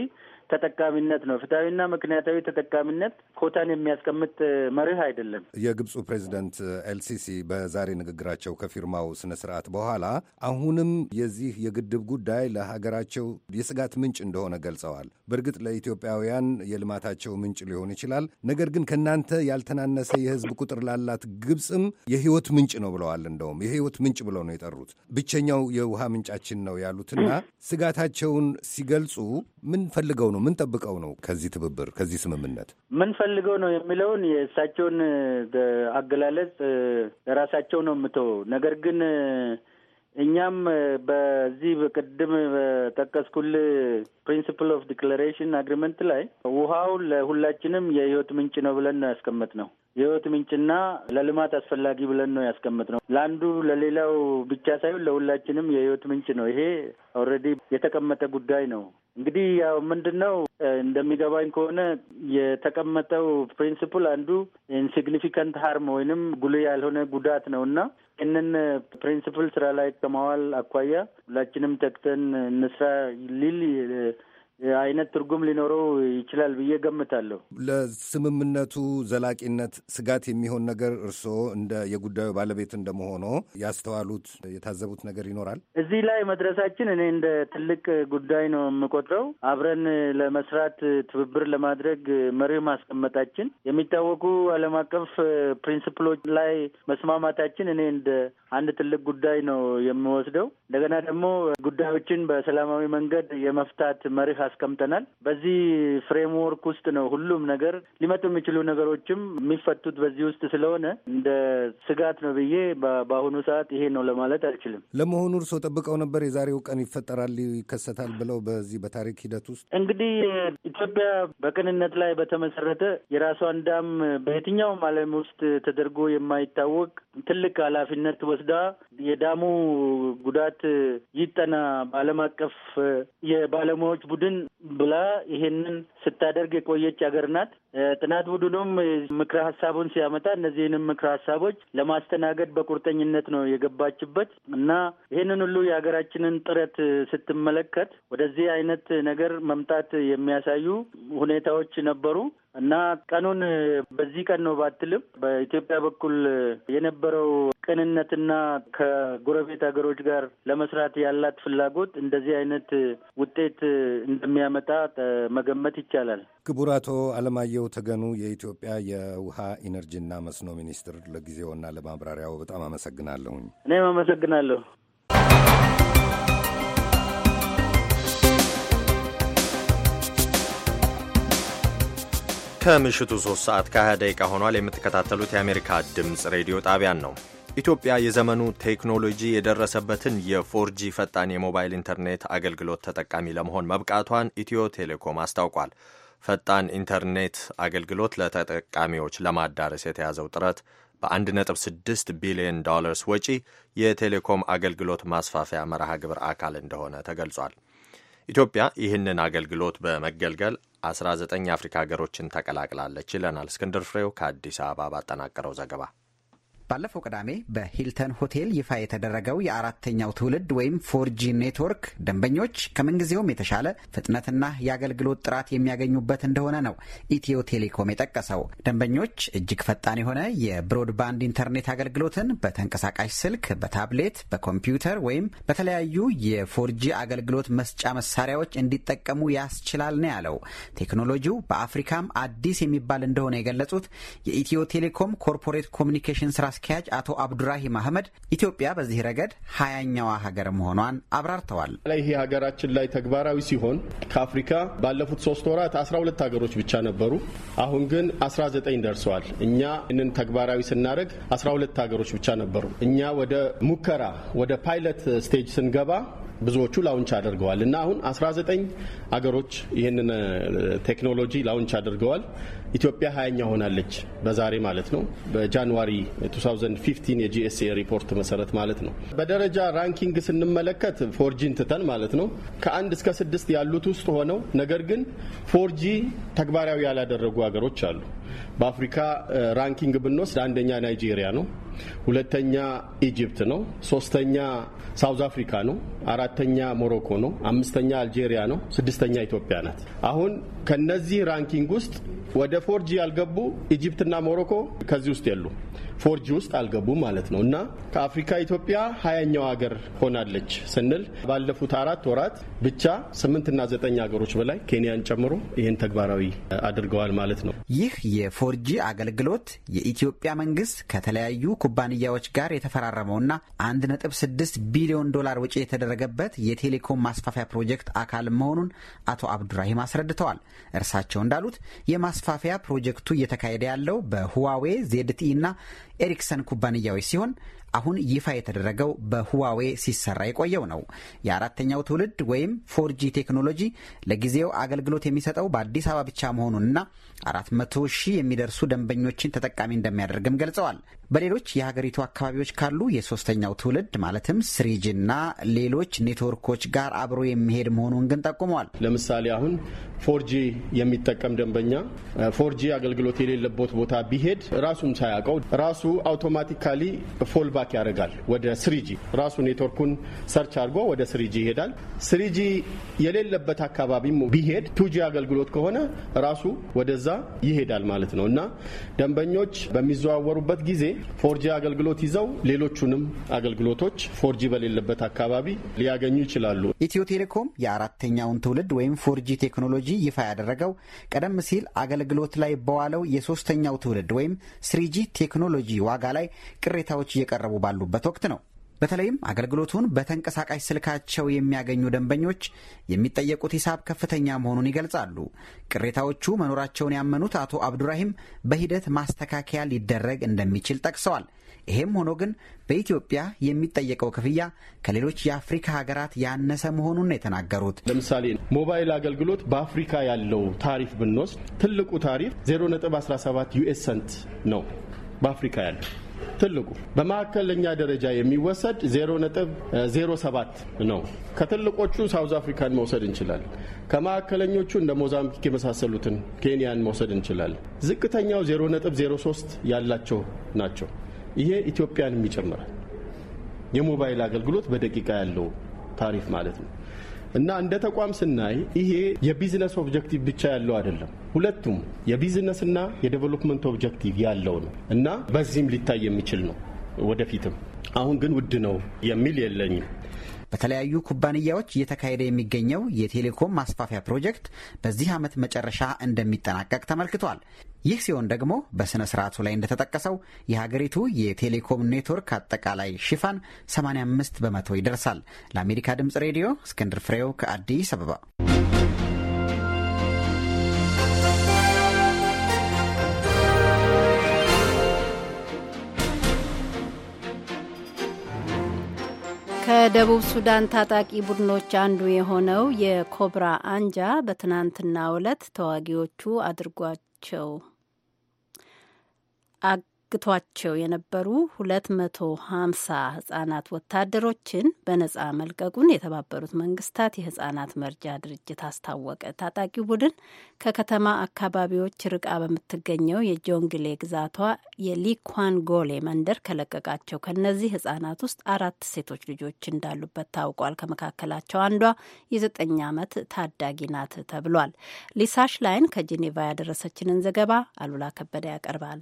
D: ተጠቃሚነት ነው። ፍትሐዊና ምክንያታዊ ተጠቃሚነት ኮታን የሚያስቀምጥ መርህ አይደለም።
G: የግብፁ ፕሬዚደንት ኤልሲሲ በዛሬ ንግግራቸው ከፊርማው ስነ ስርዓት በኋላ አሁንም የዚህ የግድብ ጉዳይ ለሀገራቸው የስጋት ምንጭ እንደሆነ ገልጸዋል። በእርግጥ ለኢትዮጵያውያን የልማታቸው ምንጭ ሊሆን ይችላል። ነገር ግን ከእናንተ ያልተናነሰ የህዝብ ቁጥር ላላት ግብፅም የህይወት ምንጭ ነው ብለዋል። እንደውም የህይወት ምንጭ ብለው ነው የጠሩት። ብቸኛው የውሃ ምንጫችን ነው ያሉትና ስጋታቸውን ሲገልጹ ምን ፈልገው ነው ነው? ምን ጠብቀው ነው ከዚህ ትብብር ከዚህ ስምምነት
D: ምን ፈልገው ነው የሚለውን የእሳቸውን አገላለጽ ለራሳቸው ነው የምተው። ነገር ግን እኛም በዚህ በቅድም በጠቀስኩል ፕሪንሲፕል ኦፍ ዲክላሬሽን አግሪመንት ላይ ውሃው ለሁላችንም የህይወት ምንጭ ነው ብለን ያስቀመጥ ነው። የህይወት ምንጭና ለልማት አስፈላጊ ብለን ነው ያስቀመጥነው። ለአንዱ ለሌላው ብቻ ሳይሆን ለሁላችንም የህይወት ምንጭ ነው። ይሄ ኦልሬዲ የተቀመጠ ጉዳይ ነው። እንግዲህ ያው ምንድን ነው እንደሚገባኝ ከሆነ የተቀመጠው ፕሪንስፕል አንዱ ኢንሲግኒፊካንት ሀርም ወይንም ጉልህ ያልሆነ ጉዳት ነው እና ይህንን ፕሪንስፕል ስራ ላይ ከማዋል አኳያ ሁላችንም ተግተን እንስራ ሊል አይነት ትርጉም ሊኖረው ይችላል ብዬ ገምታለሁ።
G: ለስምምነቱ ዘላቂነት ስጋት የሚሆን ነገር እርስዎ እንደ የጉዳዩ ባለቤት እንደመሆኖ ያስተዋሉት የታዘቡት ነገር ይኖራል?
D: እዚህ ላይ መድረሳችን እኔ እንደ ትልቅ ጉዳይ ነው የምቆጥረው። አብረን ለመስራት ትብብር ለማድረግ መሪ ማስቀመጣችን፣ የሚታወቁ ዓለም አቀፍ ፕሪንስፕሎች ላይ መስማማታችን እኔ እንደ አንድ ትልቅ ጉዳይ ነው የምወስደው። እንደገና ደግሞ ጉዳዮችን በሰላማዊ መንገድ የመፍታት መርህ አስቀምጠናል። በዚህ ፍሬምወርክ ውስጥ ነው ሁሉም ነገር ሊመጡ የሚችሉ ነገሮችም የሚፈቱት በዚህ ውስጥ ስለሆነ እንደ ስጋት ነው ብዬ በአሁኑ ሰዓት ይሄ ነው ለማለት አልችልም።
G: ለመሆኑ እርስዎ ጠብቀው ነበር የዛሬው ቀን ይፈጠራል ይከሰታል ብለው? በዚህ በታሪክ ሂደት ውስጥ
D: እንግዲህ ኢትዮጵያ በቅንነት ላይ በተመሰረተ የራሷን ዳም በየትኛውም ዓለም ውስጥ ተደርጎ የማይታወቅ ትልቅ ኃላፊነት ወስዳ የዳሙ ጉዳት ይጠና በዓለም አቀፍ የባለሙያዎች ቡድን ብላ ይሄንን ስታደርግ የቆየች ሀገር ናት። ጥናት ቡድኑም ምክረ ሀሳቡን ሲያመጣ እነዚህንም ምክረ ሀሳቦች ለማስተናገድ በቁርጠኝነት ነው የገባችበት እና ይህንን ሁሉ የሀገራችንን ጥረት ስትመለከት ወደዚህ አይነት ነገር መምጣት የሚያሳዩ ሁኔታዎች ነበሩ። እና ቀኑን በዚህ ቀን ነው ባትልም በኢትዮጵያ በኩል የነበረው ቅንነትና ከጎረቤት ሀገሮች ጋር ለመስራት ያላት ፍላጎት እንደዚህ አይነት ውጤት እንደሚያመጣ መገመት ይቻላል።
G: ክቡር አቶ አለማየሁ ተገኑ የኢትዮጵያ የውሃ ኢነርጂና መስኖ ሚኒስትር፣ ለጊዜውና ለማብራሪያው በጣም አመሰግናለሁኝ።
D: እኔም አመሰግናለሁ።
B: ከምሽቱ 3 ሰዓት ከ20 ደቂቃ ሆኗል። የምትከታተሉት የአሜሪካ ድምፅ ሬዲዮ ጣቢያን ነው። ኢትዮጵያ የዘመኑ ቴክኖሎጂ የደረሰበትን የፎርጂ ፈጣን የሞባይል ኢንተርኔት አገልግሎት ተጠቃሚ ለመሆን መብቃቷን ኢትዮ ቴሌኮም አስታውቋል። ፈጣን ኢንተርኔት አገልግሎት ለተጠቃሚዎች ለማዳረስ የተያዘው ጥረት በ1.6 ቢሊዮን ዶላርስ ወጪ የቴሌኮም አገልግሎት ማስፋፊያ መርሃ ግብር አካል እንደሆነ ተገልጿል። ኢትዮጵያ ይህንን አገልግሎት በመገልገል 19 የአፍሪካ ሀገሮችን ተቀላቅላለች ይለናል እስክንድር ፍሬው ከአዲስ አበባ ባጠናቀረው ዘገባ።
H: ባለፈው ቅዳሜ በሂልተን ሆቴል ይፋ የተደረገው የአራተኛው ትውልድ ወይም ፎርጂ ኔትወርክ ደንበኞች ከምንጊዜውም የተሻለ ፍጥነትና የአገልግሎት ጥራት የሚያገኙበት እንደሆነ ነው ኢትዮ ቴሌኮም የጠቀሰው። ደንበኞች እጅግ ፈጣን የሆነ የብሮድባንድ ኢንተርኔት አገልግሎትን በተንቀሳቃሽ ስልክ፣ በታብሌት፣ በኮምፒውተር ወይም በተለያዩ የፎርጂ አገልግሎት መስጫ መሳሪያዎች እንዲጠቀሙ ያስችላል ነው ያለው። ቴክኖሎጂው በአፍሪካም አዲስ የሚባል እንደሆነ የገለጹት የኢትዮ ቴሌኮም ኮርፖሬት ኮሚኒኬሽን ስራ አስኪያጅ አቶ አብዱራሂም አህመድ ኢትዮጵያ በዚህ ረገድ ሀያኛዋ ሀገር መሆኗን አብራርተዋል።
E: ይሄ ሀገራችን ላይ ተግባራዊ ሲሆን ከአፍሪካ ባለፉት ሶስት ወራት 12 ሀገሮች ብቻ ነበሩ። አሁን ግን 19 ደርሰዋል። እኛ ይህንን ተግባራዊ ስናደርግ 12 ሀገሮች ብቻ ነበሩ። እኛ ወደ ሙከራ ወደ ፓይለት ስቴጅ ስንገባ ብዙዎቹ ላውንች አድርገዋል እና አሁን 19 አገሮች ይህንን ቴክኖሎጂ ላውንች አድርገዋል። ኢትዮጵያ ሀያኛ ሆናለች በዛሬ ማለት ነው። በጃንዋሪ 2015 የጂኤስኤ ሪፖርት መሰረት ማለት ነው። በደረጃ ራንኪንግ ስንመለከት ፎርጂን ትተን ማለት ነው ከአንድ እስከ ስድስት ያሉት ውስጥ ሆነው ነገር ግን ፎርጂ ተግባራዊ ያላደረጉ ሀገሮች አሉ። በአፍሪካ ራንኪንግ ብንወስድ አንደኛ ናይጄሪያ ነው፣ ሁለተኛ ኢጅፕት ነው፣ ሶስተኛ ሳውዝ አፍሪካ ነው፣ አራተኛ ሞሮኮ ነው፣ አምስተኛ አልጄሪያ ነው፣ ስድስተኛ ኢትዮጵያ ናት። አሁን ከነዚህ ራንኪንግ ውስጥ ወደ ፎርጂ ያልገቡ ኢጅፕትና ሞሮኮ ከዚህ ውስጥ የሉ። ፎርጂ ውስጥ አልገቡም ማለት ነው እና ከአፍሪካ ኢትዮጵያ ሀያኛው ሀገር ሆናለች ስንል ባለፉት አራት ወራት ብቻ ስምንትና ዘጠኝ ሀገሮች በላይ ኬንያን ጨምሮ ይህን ተግባራዊ አድርገዋል ማለት
H: ነው። ይህ የፎርጂ አገልግሎት የኢትዮጵያ መንግስት ከተለያዩ ኩባንያዎች ጋር የተፈራረመውና 1.6 ቢሊዮን ዶላር ወጪ የተደረገበት የቴሌኮም ማስፋፊያ ፕሮጀክት አካል መሆኑን አቶ አብዱራሂም አስረድተዋል። እርሳቸው እንዳሉት የማስፋፊያ ፕሮጀክቱ እየተካሄደ ያለው በሁዋዌ ዜድቲኢ ኤሪክሰን ኩባንያዎች ሲሆን አሁን ይፋ የተደረገው በሁዋዌ ሲሰራ የቆየው ነው። የአራተኛው ትውልድ ወይም ፎርጂ ቴክኖሎጂ ለጊዜው አገልግሎት የሚሰጠው በአዲስ አበባ ብቻ መሆኑንና አራት መቶ ሺህ የሚደርሱ ደንበኞችን ተጠቃሚ እንደሚያደርግም ገልጸዋል። በሌሎች የሀገሪቱ አካባቢዎች ካሉ የሶስተኛው ትውልድ ማለትም ስሪጅና ሌሎች ኔትወርኮች ጋር አብሮ የሚሄድ መሆኑን ግን ጠቁመዋል። ለምሳሌ አሁን ፎርጂ የሚጠቀም ደንበኛ
E: ፎርጂ አገልግሎት የሌለበት ቦታ ቢሄድ ራሱም ሳያውቀው ራሱ አውቶማቲካሊ ፎልባክ ያደርጋል ወደ ስሪጂ ራሱ ኔትወርኩን ሰርች አድርጎ ወደ ስሪጂ ይሄዳል። ስሪጂ የሌለበት አካባቢም ቢሄድ ቱጂ አገልግሎት ከሆነ ራሱ ወደዛ ወደዛ ይሄዳል ማለት ነው እና ደንበኞች በሚዘዋወሩበት ጊዜ ፎርጂ አገልግሎት ይዘው ሌሎቹንም አገልግሎቶች ፎርጂ በሌለበት አካባቢ ሊያገኙ ይችላሉ። ኢትዮ ቴሌኮም
H: የአራተኛውን ትውልድ ወይም ፎርጂ ቴክኖሎጂ ይፋ ያደረገው ቀደም ሲል አገልግሎት ላይ በዋለው የሶስተኛው ትውልድ ወይም ስሪጂ ቴክኖሎጂ ዋጋ ላይ ቅሬታዎች እየቀረቡ ባሉበት ወቅት ነው። በተለይም አገልግሎቱን በተንቀሳቃሽ ስልካቸው የሚያገኙ ደንበኞች የሚጠየቁት ሂሳብ ከፍተኛ መሆኑን ይገልጻሉ። ቅሬታዎቹ መኖራቸውን ያመኑት አቶ አብዱራሂም በሂደት ማስተካከያ ሊደረግ እንደሚችል ጠቅሰዋል። ይሄም ሆኖ ግን በኢትዮጵያ የሚጠየቀው ክፍያ ከሌሎች የአፍሪካ ሀገራት ያነሰ መሆኑን
E: የተናገሩት። ለምሳሌ ሞባይል አገልግሎት በአፍሪካ ያለው ታሪፍ ብንወስድ ትልቁ ታሪፍ 0.17 ዩኤስ ሰንት ነው በአፍሪካ ያለው ትልቁ በመካከለኛ ደረጃ የሚወሰድ 0.07 ነው። ከትልቆቹ ሳውዝ አፍሪካን መውሰድ እንችላለን። ከመካከለኞቹ እንደ ሞዛምቢክ የመሳሰሉትን ኬንያን መውሰድ እንችላለን። ዝቅተኛው 0.03 ያላቸው ናቸው። ይሄ ኢትዮጵያንም ይጨምራል። የሞባይል አገልግሎት በደቂቃ ያለው ታሪፍ ማለት ነው። እና እንደ ተቋም ስናይ ይሄ የቢዝነስ ኦብጀክቲቭ ብቻ ያለው አይደለም። ሁለቱም የቢዝነስና የዴቨሎፕመንት ኦብጀክቲቭ ያለው ነው እና በዚህም ሊታይ የሚችል ነው ወደፊትም። አሁን ግን ውድ ነው የሚል የለኝም።
H: በተለያዩ ኩባንያዎች እየተካሄደ የሚገኘው የቴሌኮም ማስፋፊያ ፕሮጀክት በዚህ ዓመት መጨረሻ እንደሚጠናቀቅ ተመልክቷል። ይህ ሲሆን ደግሞ በሥነ ሥርዓቱ ላይ እንደተጠቀሰው የሀገሪቱ የቴሌኮም ኔትወርክ አጠቃላይ ሽፋን 85 በመቶ ይደርሳል። ለአሜሪካ ድምፅ ሬዲዮ እስክንድር ፍሬው ከአዲስ አበባ።
C: ከደቡብ ሱዳን ታጣቂ ቡድኖች አንዱ የሆነው የኮብራ አንጃ በትናንትናው ዕለት ተዋጊዎቹ አድርጓቸው chill. I አግቷቸው የነበሩ 250 ህጻናት ወታደሮችን በነጻ መልቀቁን የተባበሩት መንግስታት የህጻናት መርጃ ድርጅት አስታወቀ። ታጣቂ ቡድን ከከተማ አካባቢዎች ርቃ በምትገኘው የጆንግሌ ግዛቷ የሊኳንጎሌ መንደር ከለቀቃቸው ከነዚህ ህጻናት ውስጥ አራት ሴቶች ልጆች እንዳሉበት ታውቋል። ከመካከላቸው አንዷ የዘጠኝ ዓመት ታዳጊ ናት ተብሏል። ሊሳሽ ላይን ከጄኔቫ ያደረሰችንን ዘገባ አሉላ ከበደ ያቀርባል።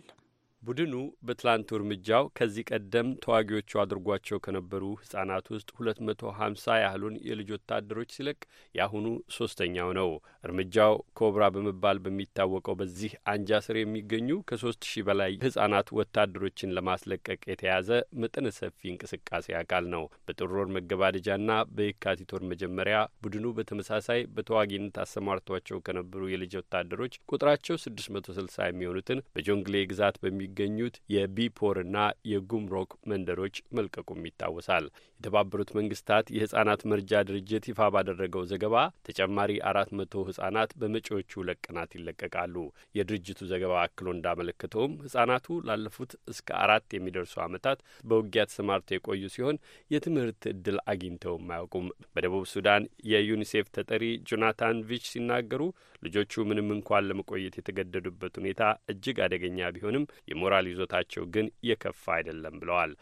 I: ቡድኑ በትላንቱ እርምጃው ከዚህ ቀደም ተዋጊዎቹ አድርጓቸው ከነበሩ ህጻናት ውስጥ ሁለት መቶ ሀምሳ ያህሉን የልጅ ወታደሮች ሲለቅ የአሁኑ ሶስተኛው ነው። እርምጃው ኮብራ በመባል በሚታወቀው በዚህ አንጃ ስር የሚገኙ ከሶስት ሺህ በላይ ህጻናት ወታደሮችን ለማስለቀቅ የተያዘ መጠነ ሰፊ እንቅስቃሴ አካል ነው። በጥር ወር መገባደጃና በየካቲት ወር መጀመሪያ ቡድኑ በተመሳሳይ በተዋጊነት አሰማርቷቸው ከነበሩ የልጅ ወታደሮች ቁጥራቸው ስድስት መቶ ስልሳ የሚሆኑትን በጆንግሌ ግዛት በሚ ከሚገኙት የቢፖርና የጉምሮክ መንደሮች መልቀቁም ይታወሳል። የተባበሩት መንግስታት የህጻናት መርጃ ድርጅት ይፋ ባደረገው ዘገባ ተጨማሪ አራት መቶ ህጻናት በመጪዎቹ ሁለት ቀናት ይለቀቃሉ። የድርጅቱ ዘገባ አክሎ እንዳመለከተውም ህጻናቱ ላለፉት እስከ አራት የሚደርሱ ዓመታት በውጊያ ተሰማርተው የቆዩ ሲሆን የትምህርት እድል አግኝተውም አያውቁም። በደቡብ ሱዳን የዩኒሴፍ ተጠሪ ጆናታን ቪች ሲናገሩ ልጆቹ ምንም እንኳን ለመቆየት የተገደዱበት ሁኔታ እጅግ አደገኛ ቢሆንም የሞራል ይዞታቸው ግን የከፋ አይደለም ብለዋል።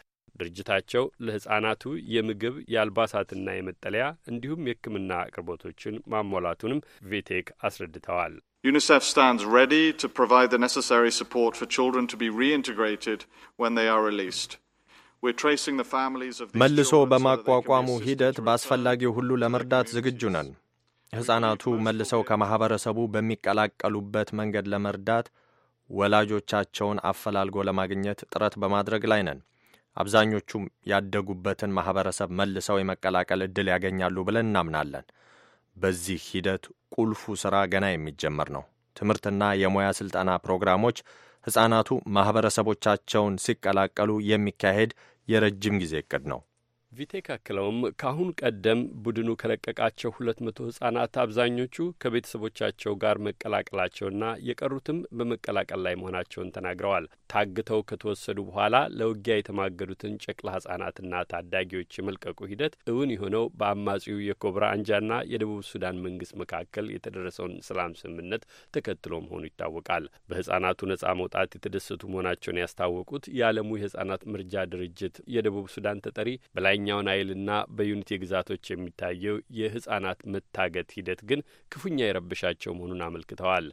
I: ድርጅታቸው ለሕፃናቱ የምግብ የአልባሳትና የመጠለያ እንዲሁም የሕክምና አቅርቦቶችን ማሟላቱንም ቪቴክ አስረድተዋል።
E: UNICEF stands ready to provide the necessary support for children to be reintegrated when they are released.
B: መልሶ በማቋቋሙ ሂደት በአስፈላጊው ሁሉ ለመርዳት ዝግጁ ነን። ሕፃናቱ መልሰው ከማኅበረሰቡ በሚቀላቀሉበት መንገድ ለመርዳት ወላጆቻቸውን አፈላልጎ ለማግኘት ጥረት በማድረግ ላይ ነን። አብዛኞቹም ያደጉበትን ማኅበረሰብ መልሰው የመቀላቀል ዕድል ያገኛሉ ብለን እናምናለን። በዚህ ሂደት ቁልፉ ሥራ ገና የሚጀመር ነው። ትምህርትና የሙያ ሥልጠና ፕሮግራሞች ሕፃናቱ ማኅበረሰቦቻቸውን ሲቀላቀሉ የሚካሄድ የረጅም ጊዜ ዕቅድ ነው።
I: ቪቴክ አክለውም ከአሁን ቀደም ቡድኑ ከለቀቃቸው ሁለት መቶ ህጻናት አብዛኞቹ ከቤተሰቦቻቸው ጋር መቀላቀላቸውና የቀሩትም በመቀላቀል ላይ መሆናቸውን ተናግረዋል። ታግተው ከተወሰዱ በኋላ ለውጊያ የተማገዱትን ጨቅላ ህጻናትና ታዳጊዎች የመልቀቁ ሂደት እውን የሆነው በአማጺው የኮብራ አንጃና የደቡብ ሱዳን መንግስት መካከል የተደረሰውን ሰላም ስምምነት ተከትሎ መሆኑ ይታወቃል። በህጻናቱ ነጻ መውጣት የተደሰቱ መሆናቸውን ያስታወቁት የዓለሙ የህጻናት ምርጃ ድርጅት የደቡብ ሱዳን ተጠሪ በላይ በታችኛው ናይልና በዩኒቲ ግዛቶች የሚታየው የሕፃናት መታገት ሂደት ግን ክፉኛ የረብሻቸው መሆኑን አመልክተዋል።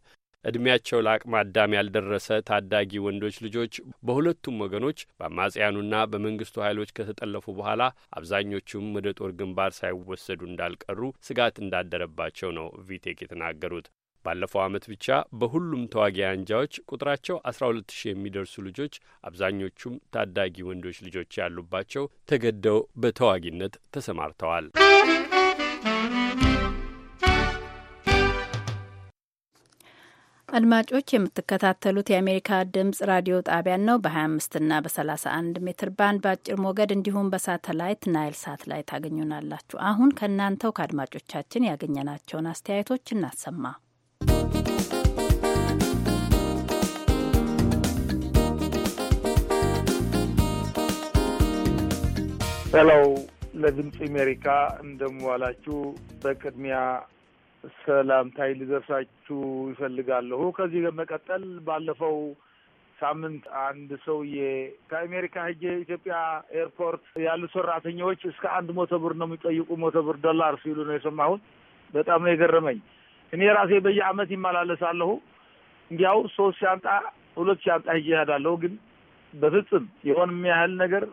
I: ዕድሜያቸው ለአቅመ አዳም ያልደረሰ ታዳጊ ወንዶች ልጆች በሁለቱም ወገኖች በአማጽያኑና በመንግስቱ ኃይሎች ከተጠለፉ በኋላ አብዛኞቹም ወደ ጦር ግንባር ሳይወሰዱ እንዳልቀሩ ስጋት እንዳደረባቸው ነው ቪቴክ የተናገሩት። ባለፈው ዓመት ብቻ በሁሉም ተዋጊ አንጃዎች ቁጥራቸው 120 የሚደርሱ ልጆች አብዛኞቹም ታዳጊ ወንዶች ልጆች ያሉባቸው ተገደው በተዋጊነት ተሰማርተዋል።
C: አድማጮች የምትከታተሉት የአሜሪካ ድምጽ ራዲዮ ጣቢያን ነው። በ25 እና በ31 ሜትር ባንድ በአጭር ሞገድ እንዲሁም በሳተላይት ናይል ሳት ላይ ታገኙናላችሁ። አሁን ከእናንተው ከአድማጮቻችን ያገኘናቸውን አስተያየቶች እናሰማ።
J: ሄሎው ለድምፅ አሜሪካ እንደምዋላችሁ። በቅድሚያ ሰላምታይ ልደርሳችሁ ይፈልጋለሁ። ከዚህ በመቀጠል ባለፈው ሳምንት አንድ ሰውዬ ከአሜሪካ ሄጄ ኢትዮጵያ ኤርፖርት ያሉ ሰራተኞች እስከ አንድ መቶ ብር ነው የሚጠይቁ መቶ ብር ዶላር ሲሉ ነው የሰማሁት። በጣም ነው የገረመኝ። እኔ ራሴ በየአመት ይመላለሳለሁ። እንዲያው ሶስት ሻንጣ ሁለት ሻንጣ ሄጄ እሄዳለሁ። ግን በፍጹም የሆን የሚያህል ነገር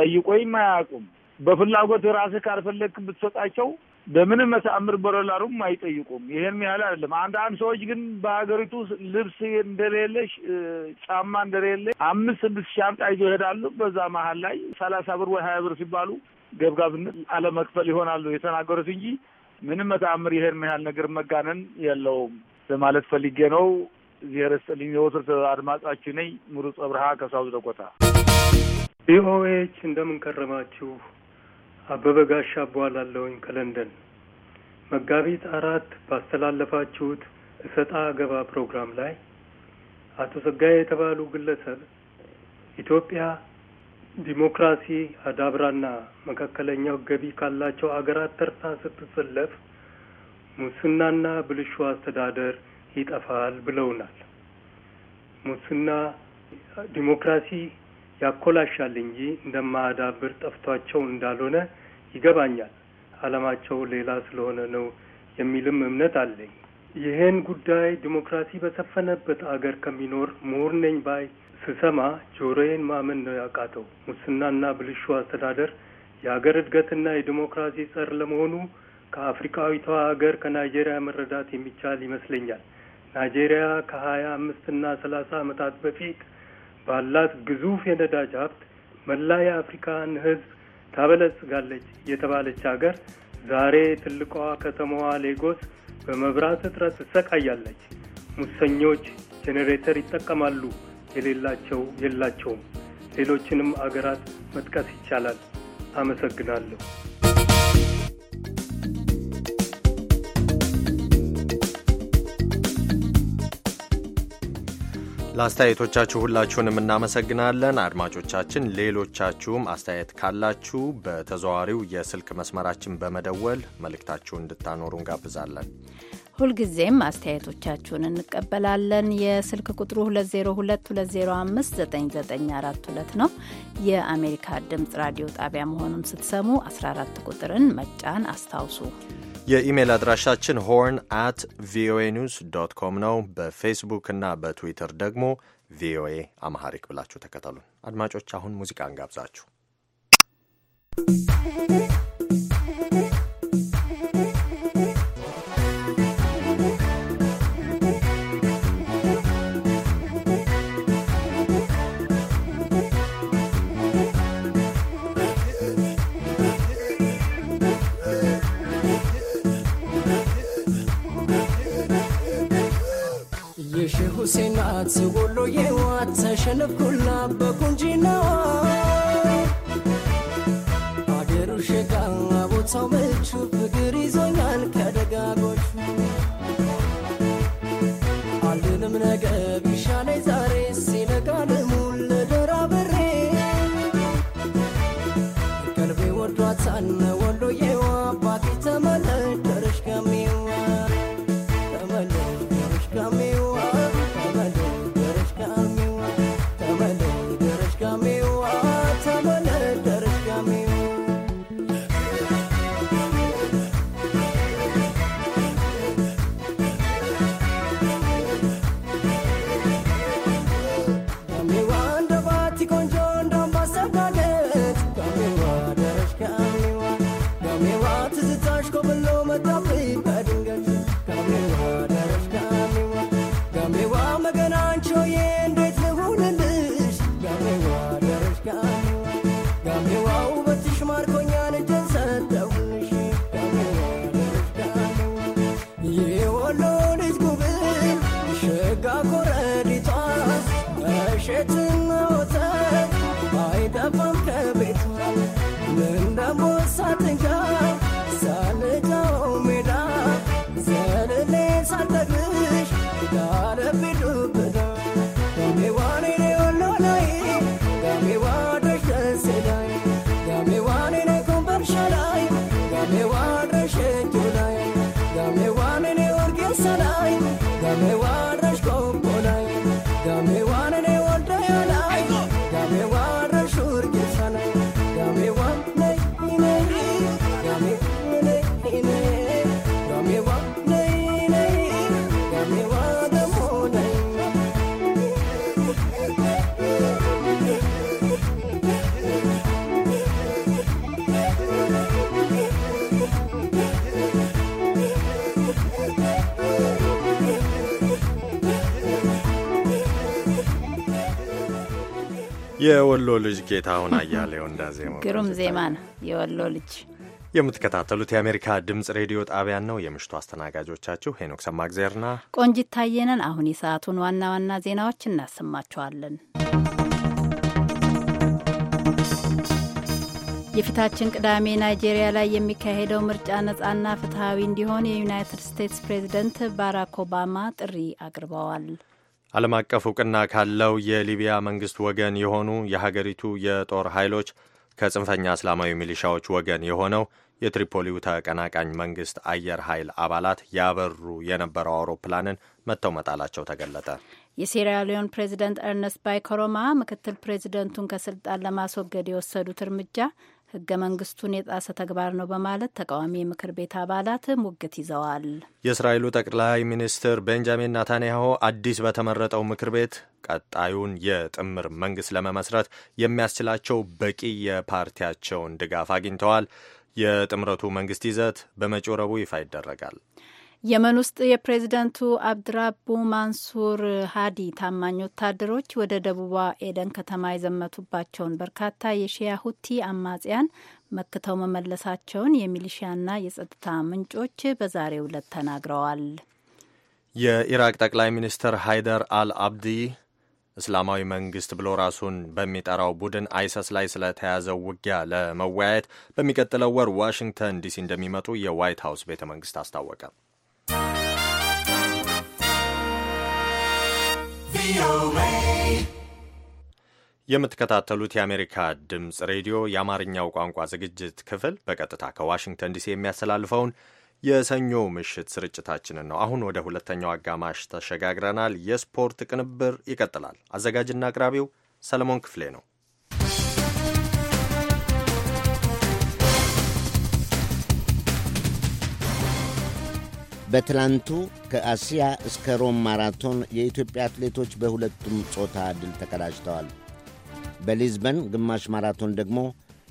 J: ጠይቆይም አያውቁም። በፍላጎት ራስህ ካልፈለግክ ብትሰጣቸው በምንም መሳምር በረላሩም አይጠይቁም። ይሄን ያህል አይደለም። አንድ አንድ ሰዎች ግን በሀገሪቱ ልብስ እንደሌለሽ ጫማ እንደሌለ አምስት ስድስት ሻንጣ ይዞ ይሄዳሉ። በዛ መሀል ላይ ሰላሳ ብር ወይ ሀያ ብር ሲባሉ ገብጋብነት አለመክፈል ይሆናሉ የተናገሩት እንጂ ምንም መሳምር ይሄን ያህል ነገር መጋነን የለውም ለማለት ፈልጌ ነው። እዚህ
K: ረስጥልኝ የወትር አድማጫችሁ ነኝ። ምሩፀ ብርሃ ከሳውዝ ዳኮታ ቪኦኤች እንደምን ከረማችሁ? አበበ ጋሻ እባላለሁኝ ከለንደን። መጋቢት አራት ባስተላለፋችሁት እሰጣ ገባ ፕሮግራም ላይ አቶ ጸጋዬ የተባሉ ግለሰብ ኢትዮጵያ ዲሞክራሲ አዳብራና መካከለኛው ገቢ ካላቸው አገራት ተርታ ስትሰለፍ ሙስናና ብልሹ አስተዳደር ይጠፋል ብለውናል። ሙስና ዲሞክራሲ ያኮላሻል እንጂ እንደማያዳብር ጠፍቷቸው እንዳልሆነ ይገባኛል። አለማቸው ሌላ ስለሆነ ነው የሚልም እምነት አለኝ። ይህን ጉዳይ ዲሞክራሲ በሰፈነበት አገር ከሚኖር ምሁር ነኝ ባይ ስሰማ ጆሮዬን ማመን ነው ያቃተው። ሙስናና ብልሹ አስተዳደር የአገር እድገትና የዲሞክራሲ ጸር ለመሆኑ ከአፍሪካዊቷ ሀገር ከናይጄሪያ መረዳት የሚቻል ይመስለኛል። ናይጄሪያ ከሀያ አምስትና ሰላሳ ዓመታት በፊት ባላት ግዙፍ የነዳጅ ሀብት መላ የአፍሪካን ሕዝብ ታበለጽጋለች የተባለች ሀገር ዛሬ ትልቋ ከተማዋ ሌጎስ በመብራት እጥረት ትሰቃያለች። ሙሰኞች ጄኔሬተር ይጠቀማሉ፣ የሌላቸው የላቸውም። ሌሎችንም አገራት መጥቀስ ይቻላል። አመሰግናለሁ።
B: ለአስተያየቶቻችሁ ሁላችሁንም እናመሰግናለን። አድማጮቻችን፣ ሌሎቻችሁም አስተያየት ካላችሁ በተዘዋዋሪው የስልክ መስመራችን በመደወል መልእክታችሁን እንድታኖሩ እንጋብዛለን።
C: ሁልጊዜም አስተያየቶቻችሁን እንቀበላለን። የስልክ ቁጥሩ 2022059942 ነው። የአሜሪካ ድምፅ ራዲዮ ጣቢያ መሆኑን ስትሰሙ 14 ቁጥርን መጫን አስታውሱ።
B: የኢሜይል አድራሻችን ሆርን አት ቪኦኤ ኒውስ ዶት ኮም ነው። በፌስቡክ እና በትዊተር ደግሞ ቪኦኤ አማሐሪክ ብላችሁ ተከተሉን። አድማጮች አሁን ሙዚቃ እንጋብዛችሁ።
A: ኩሴናት ስጎሎ የዋት ተሸነፍኩላ በቁንጂና አገሩ ሸጋ ቦታው ምቹ ፍቅር ይዞኛል ከደጋጎቹ
B: የወሎ ልጅ ጌታሁን አያሌው እንዳዜማ ግሩም
C: ዜማ ነው። የወሎ ልጅ
B: የምትከታተሉት የአሜሪካ ድምጽ ሬዲዮ ጣቢያን ነው። የምሽቱ አስተናጋጆቻችሁ ሄኖክ ሰማግዜርና
C: ቆንጂት ታየነን። አሁን የሰዓቱን ዋና ዋና ዜናዎች እናሰማችኋለን። የፊታችን ቅዳሜ ናይጄሪያ ላይ የሚካሄደው ምርጫ ነጻና ፍትሐዊ እንዲሆን የዩናይትድ ስቴትስ ፕሬዝደንት ባራክ ኦባማ ጥሪ አቅርበዋል።
B: ዓለም አቀፍ እውቅና ካለው የሊቢያ መንግስት ወገን የሆኑ የሀገሪቱ የጦር ኃይሎች ከጽንፈኛ እስላማዊ ሚሊሻዎች ወገን የሆነው የትሪፖሊው ተቀናቃኝ መንግስት አየር ኃይል አባላት ያበሩ የነበረው አውሮፕላንን መጥተው መጣላቸው ተገለጠ።
C: የሴራሊዮን ፕሬዚደንት ኤርነስት ባይኮሮማ ምክትል ፕሬዚደንቱን ከስልጣን ለማስወገድ የወሰዱት እርምጃ ህገ መንግስቱን የጣሰ ተግባር ነው በማለት ተቃዋሚ የምክር ቤት አባላት ሙግት ይዘዋል።
B: የእስራኤሉ ጠቅላይ ሚኒስትር ቤንጃሚን ናታንያሁ አዲስ በተመረጠው ምክር ቤት ቀጣዩን የጥምር መንግስት ለመመስረት የሚያስችላቸው በቂ የፓርቲያቸውን ድጋፍ አግኝተዋል። የጥምረቱ መንግስት ይዘት በመጪው ረቡዕ ይፋ ይደረጋል።
C: የመን ውስጥ የፕሬዚደንቱ አብድራቡ ማንሱር ሃዲ ታማኝ ወታደሮች ወደ ደቡቧ ኤደን ከተማ የዘመቱባቸውን በርካታ የሺያ ሁቲ አማጽያን መክተው መመለሳቸውን የሚሊሺያና የጸጥታ ምንጮች በዛሬው ዕለት ተናግረዋል።
B: የኢራቅ ጠቅላይ ሚኒስትር ሃይደር አል አብዲ እስላማዊ መንግስት ብሎ ራሱን በሚጠራው ቡድን አይሰስ ላይ ስለተያዘው ውጊያ ለመወያየት በሚቀጥለው ወር ዋሽንግተን ዲሲ እንደሚመጡ የዋይት ሀውስ ቤተ መንግስት አስታወቀ። የምትከታተሉት የአሜሪካ ድምፅ ሬዲዮ የአማርኛው ቋንቋ ዝግጅት ክፍል በቀጥታ ከዋሽንግተን ዲሲ የሚያስተላልፈውን የሰኞ ምሽት ስርጭታችንን ነው። አሁን ወደ ሁለተኛው አጋማሽ ተሸጋግረናል። የስፖርት ቅንብር ይቀጥላል። አዘጋጅና አቅራቢው ሰለሞን ክፍሌ ነው።
L: በትላንቱ ከአሲያ እስከ ሮም ማራቶን የኢትዮጵያ አትሌቶች በሁለቱም ጾታ ድል ተቀዳጅተዋል። በሊዝበን ግማሽ ማራቶን ደግሞ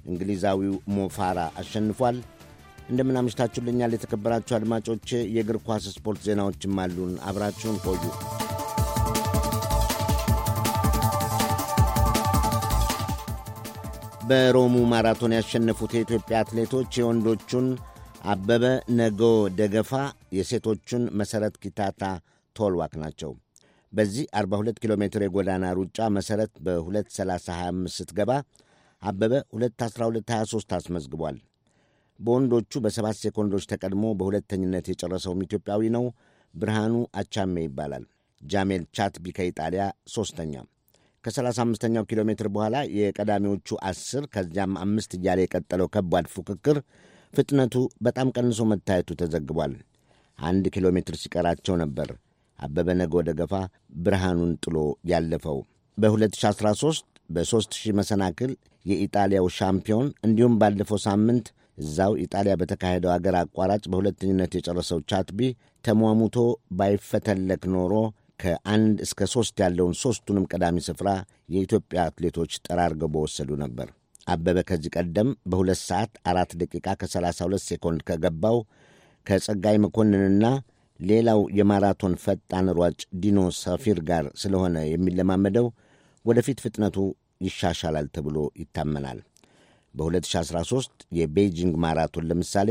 L: እንግሊዛዊው ሞፋራ አሸንፏል። እንደምን አምሽታችሁልኛል የተከበራችሁ አድማጮች። የእግር ኳስ ስፖርት ዜናዎችም አሉን። አብራችሁን ቆዩ። በሮሙ ማራቶን ያሸነፉት የኢትዮጵያ አትሌቶች የወንዶቹን አበበ ነገ ደገፋ የሴቶቹን መሠረት ኪታታ ቶልዋክ ናቸው። በዚህ 42 ኪሎ ሜትር የጎዳና ሩጫ መሠረት በ 2325 ስትገባ አበበ 21223 አስመዝግቧል። በወንዶቹ በሰባት ሴኮንዶች ተቀድሞ በሁለተኝነት የጨረሰውም ኢትዮጵያዊ ነው። ብርሃኑ አቻሜ ይባላል። ጃሜል ቻትቢ ከኢጣሊያ ሦስተኛ። ከ35ኛው ኪሎ ሜትር በኋላ የቀዳሚዎቹ አስር ከዚያም አምስት እያለ የቀጠለው ከባድ ፉክክር ፍጥነቱ በጣም ቀንሶ መታየቱ ተዘግቧል። አንድ ኪሎ ሜትር ሲቀራቸው ነበር አበበ ነገ ወደ ገፋ ብርሃኑን ጥሎ ያለፈው። በ2013 በ3000 መሰናክል የኢጣሊያው ሻምፒዮን እንዲሁም ባለፈው ሳምንት እዛው ኢጣሊያ በተካሄደው አገር አቋራጭ በሁለተኝነት የጨረሰው ቻትቢ ተሟሙቶ ባይፈተለክ ኖሮ ከአንድ እስከ ሦስት ያለውን ሦስቱንም ቀዳሚ ስፍራ የኢትዮጵያ አትሌቶች ጠራርገው በወሰዱ ነበር። አበበ ከዚህ ቀደም በ2 ሰዓት 4 ደቂቃ ከ32 ሴኮንድ ከገባው ከጸጋይ መኮንንና ሌላው የማራቶን ፈጣን ሯጭ ዲኖ ሰፊር ጋር ስለሆነ የሚለማመደው ወደፊት ፍጥነቱ ይሻሻላል ተብሎ ይታመናል። በ2013 የቤይጂንግ ማራቶን ለምሳሌ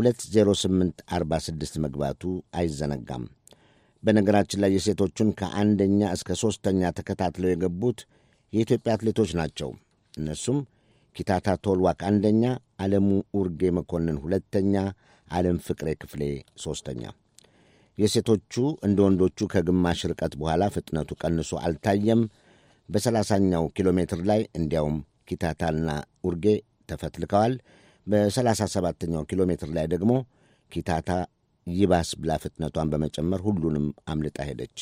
L: 20846 መግባቱ አይዘነጋም። በነገራችን ላይ የሴቶቹን ከአንደኛ እስከ ሦስተኛ ተከታትለው የገቡት የኢትዮጵያ አትሌቶች ናቸው። እነሱም ኪታታ ቶልዋክ አንደኛ፣ ዓለሙ ኡርጌ መኮንን ሁለተኛ፣ ዓለም ፍቅሬ ክፍሌ ሦስተኛ። የሴቶቹ እንደ ወንዶቹ ከግማሽ ርቀት በኋላ ፍጥነቱ ቀንሶ አልታየም። በሰላሳኛው ኪሎ ሜትር ላይ እንዲያውም ኪታታና ኡርጌ ተፈትልከዋል። በሰላሳ ሰባተኛው ኪሎ ሜትር ላይ ደግሞ ኪታታ ይባስ ብላ ፍጥነቷን በመጨመር ሁሉንም አምልጣ ሄደች።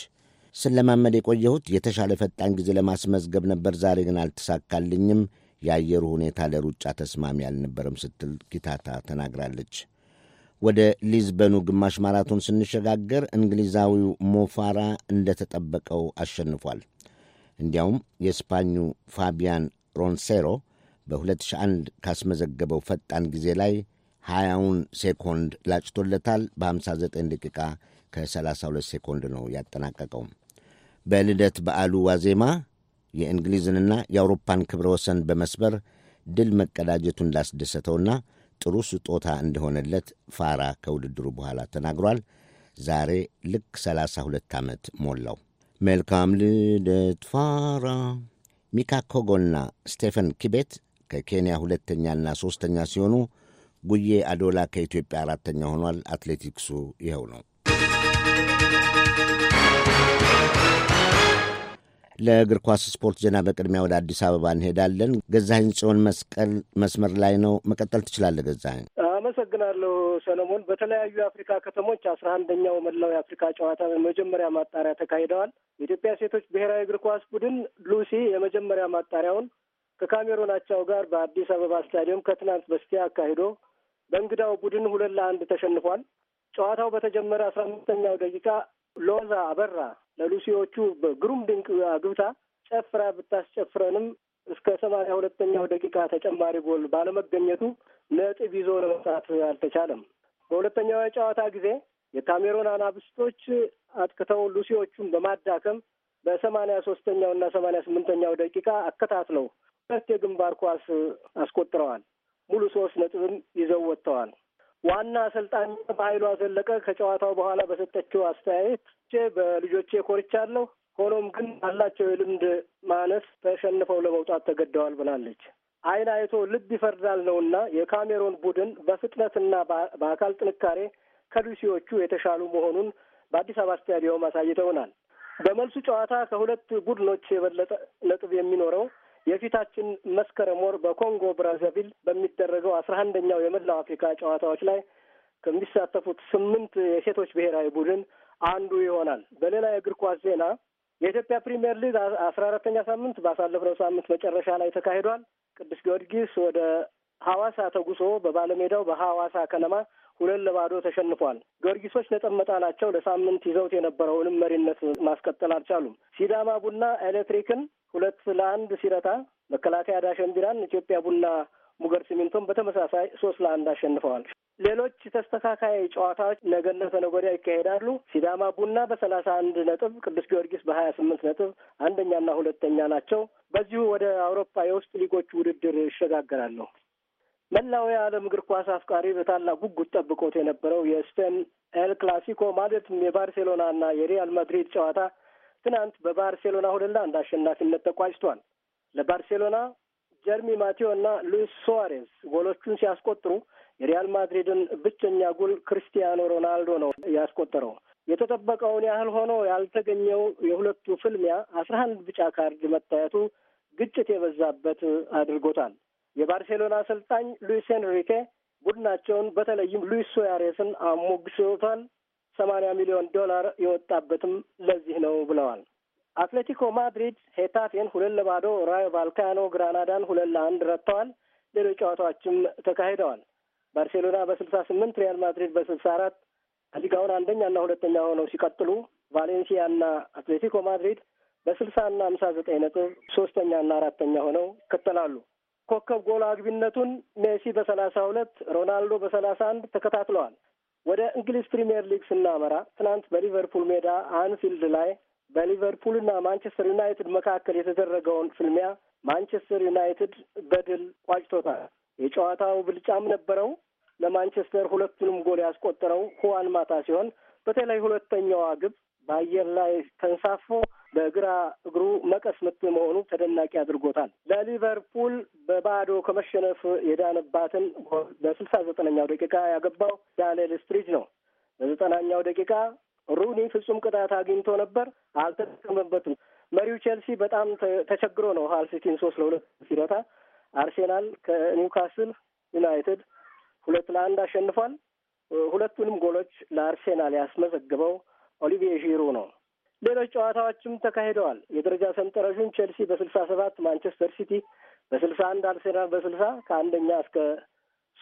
L: ስለማመድ የቆየሁት የተሻለ ፈጣን ጊዜ ለማስመዝገብ ነበር። ዛሬ ግን አልተሳካልኝም። የአየሩ ሁኔታ ለሩጫ ተስማሚ አልነበረም ስትል ኪታታ ተናግራለች። ወደ ሊዝበኑ ግማሽ ማራቶን ስንሸጋገር እንግሊዛዊው ሞፋራ እንደተጠበቀው አሸንፏል። እንዲያውም የስፓኙ ፋቢያን ሮንሴሮ በ2001 ካስመዘገበው ፈጣን ጊዜ ላይ 20ውን ሴኮንድ ላጭቶለታል። በ59 ደቂቃ ከ32 ሴኮንድ ነው ያጠናቀቀው። በልደት በዓሉ ዋዜማ የእንግሊዝንና የአውሮፓን ክብረ ወሰን በመስበር ድል መቀዳጀቱን እንዳስደሰተውና ጥሩ ስጦታ እንደሆነለት ፋራ ከውድድሩ በኋላ ተናግሯል። ዛሬ ልክ 32 ዓመት ሞላው። መልካም ልደት ፋራ። ሚካ ኮጎና ስቴፈን ኪቤት ከኬንያ ሁለተኛና ሦስተኛ ሲሆኑ ጉዬ አዶላ ከኢትዮጵያ አራተኛ ሆኗል። አትሌቲክሱ ይኸው ነው። ለእግር ኳስ ስፖርት ዜና በቅድሚያ ወደ አዲስ አበባ እንሄዳለን። ገዛኸኝ ጽዮን መስቀል መስመር ላይ ነው። መቀጠል ትችላለህ ገዛኸኝ።
M: አመሰግናለሁ ሰለሞን። በተለያዩ የአፍሪካ ከተሞች አስራ አንደኛው መላው የአፍሪካ ጨዋታ መጀመሪያ ማጣሪያ ተካሂደዋል። የኢትዮጵያ ሴቶች ብሔራዊ እግር ኳስ ቡድን ሉሲ የመጀመሪያ ማጣሪያውን ከካሜሩን አቻው ጋር በአዲስ አበባ ስታዲየም ከትናንት በስቲያ አካሂዶ በእንግዳው ቡድን ሁለት ለአንድ ተሸንፏል። ጨዋታው በተጀመረ አስራ አምስተኛው ደቂቃ ሎዛ አበራ ለሉሲዎቹ በግሩም ድንቅ አግብታ ጨፍራ ብታስጨፍረንም እስከ ሰማንያ ሁለተኛው ደቂቃ ተጨማሪ ጎል ባለመገኘቱ ነጥብ ይዞ ለመውጣት አልተቻለም። በሁለተኛው የጨዋታ ጊዜ የካሜሮን አናብስቶች አጥቅተው ሉሲዎቹን በማዳከም በሰማንያ ሶስተኛው እና ሰማንያ ስምንተኛው ደቂቃ አከታትለው ሁለት የግንባር ኳስ አስቆጥረዋል። ሙሉ ሶስት ነጥብም ይዘው ወጥተዋል። ዋና አሰልጣኝ በኃይሉ አዘለቀ ከጨዋታው በኋላ በሰጠችው አስተያየት በልጆቼ ኮርቻለሁ፣ ሆኖም ግን ባላቸው የልምድ ማነስ ተሸንፈው ለመውጣት ተገደዋል ብላለች። አይን አይቶ ልብ ይፈርዳል ነውና የካሜሮን ቡድን በፍጥነትና በአካል ጥንካሬ ከሉሲዎቹ የተሻሉ መሆኑን በአዲስ አበባ ስታዲየም አሳይተውናል። በመልሱ ጨዋታ ከሁለት ቡድኖች የበለጠ ነጥብ የሚኖረው የፊታችን መስከረም ወር በኮንጎ ብራዛቪል በሚደረገው አስራ አንደኛው የመላው አፍሪካ ጨዋታዎች ላይ ከሚሳተፉት ስምንት የሴቶች ብሔራዊ ቡድን አንዱ ይሆናል። በሌላ የእግር ኳስ ዜና የኢትዮጵያ ፕሪምየር ሊግ አስራ አራተኛ ሳምንት ባሳለፍነው ሳምንት መጨረሻ ላይ ተካሂዷል። ቅዱስ ጊዮርጊስ ወደ ሐዋሳ ተጉሶ በባለሜዳው በሐዋሳ ከነማ ሁለት ለባዶ ተሸንፏል። ጊዮርጊሶች ነጥብ መጣላቸው ለሳምንት ይዘውት የነበረውንም መሪነት ማስቀጠል አልቻሉም። ሲዳማ ቡና ኤሌክትሪክን ሁለት ለአንድ ሲረታ መከላከያ ዳሸን ቢራን፣ ኢትዮጵያ ቡና ሙገር ሲሚንቶን በተመሳሳይ ሶስት ለአንድ አሸንፈዋል። ሌሎች ተስተካካይ ጨዋታዎች ነገና ተነገ ወዲያ ይካሄዳሉ። ሲዳማ ቡና በሰላሳ አንድ ነጥብ፣ ቅዱስ ጊዮርጊስ በሀያ ስምንት ነጥብ አንደኛና ሁለተኛ ናቸው። በዚሁ ወደ አውሮፓ የውስጥ ሊጎች ውድድር ይሸጋገራሉ። መላው የዓለም እግር ኳስ አፍቃሪ በታላቅ ጉጉት ጠብቆት የነበረው የስፔን ኤል ክላሲኮ ማለትም ና የሪያል ማድሪድ ጨዋታ ትናንት በባርሴሎና ሁለት ለአንድ አሸናፊነት ተቋጭቷል። ለባርሴሎና ጀርሚ ማቴዮ እና ሉዊስ ሶዋሬዝ ጎሎቹን ሲያስቆጥሩ የሪያል ማድሪድን ብቸኛ ጎል ክርስቲያኖ ሮናልዶ ነው ያስቆጠረው። የተጠበቀውን ያህል ሆኖ ያልተገኘው የሁለቱ ፍልሚያ አስራ አንድ ቢጫ ካርድ መታየቱ ግጭት የበዛበት አድርጎታል። የባርሴሎና አሰልጣኝ ሉዊስ ሄንሪኬ ቡድናቸውን በተለይም ሉዊስ ሶያሬስን አሞግሶታል። ሰማንያ ሚሊዮን ዶላር የወጣበትም ለዚህ ነው ብለዋል። አትሌቲኮ ማድሪድ ሄታፌን ሁለት ለባዶ፣ ራዮ ቫልካኖ ግራናዳን ሁለት ለአንድ ረትተዋል። ሌሎች ጨዋታዎችም ተካሂደዋል። ባርሴሎና በስልሳ ስምንት ሪያል ማድሪድ በስልሳ አራት ሊጋውን አንደኛና ሁለተኛ ሆነው ሲቀጥሉ ቫሌንሲያና አትሌቲኮ ማድሪድ በስልሳና ሀምሳ ዘጠኝ ነጥብ ሶስተኛና አራተኛ ሆነው ይከተላሉ። ኮከብ ጎል አግቢነቱን ሜሲ በሰላሳ ሁለት ሮናልዶ በሰላሳ አንድ ተከታትለዋል። ወደ እንግሊዝ ፕሪምየር ሊግ ስናመራ ትናንት በሊቨርፑል ሜዳ አንፊልድ ላይ በሊቨርፑልና ማንቸስተር ዩናይትድ መካከል የተደረገውን ፍልሚያ ማንቸስተር ዩናይትድ በድል ቋጭቶታል። የጨዋታው ብልጫም ነበረው። ለማንቸስተር ሁለቱንም ጎል ያስቆጠረው ሁዋን ማታ ሲሆን በተለይ ሁለተኛዋ ግብ በአየር ላይ ተንሳፎ በግራ እግሩ መቀስ ምት መሆኑ ተደናቂ አድርጎታል። ለሊቨርፑል በባዶ ከመሸነፍ የዳነባትን በስልሳ ዘጠነኛው ደቂቃ ያገባው ዳንኤል ስትሪጅ ነው። በዘጠናኛው ደቂቃ ሩኒ ፍጹም ቅጣት አግኝቶ ነበር፣ አልተጠቀመበትም። መሪው ቼልሲ በጣም ተቸግሮ ነው ሃል ሲቲን ሶስት ለሁለት ሲረታ። አርሴናል ከኒውካስል ዩናይትድ ሁለት ለአንድ አሸንፏል። ሁለቱንም ጎሎች ለአርሴናል ያስመዘግበው ኦሊቪዬ ዢሩ ነው። ሌሎች ጨዋታዎችም ተካሂደዋል። የደረጃ ሰንጠረዡን ቼልሲ በስልሳ ሰባት ማንቸስተር ሲቲ በስልሳ አንድ አርሴናል በስልሳ ከአንደኛ እስከ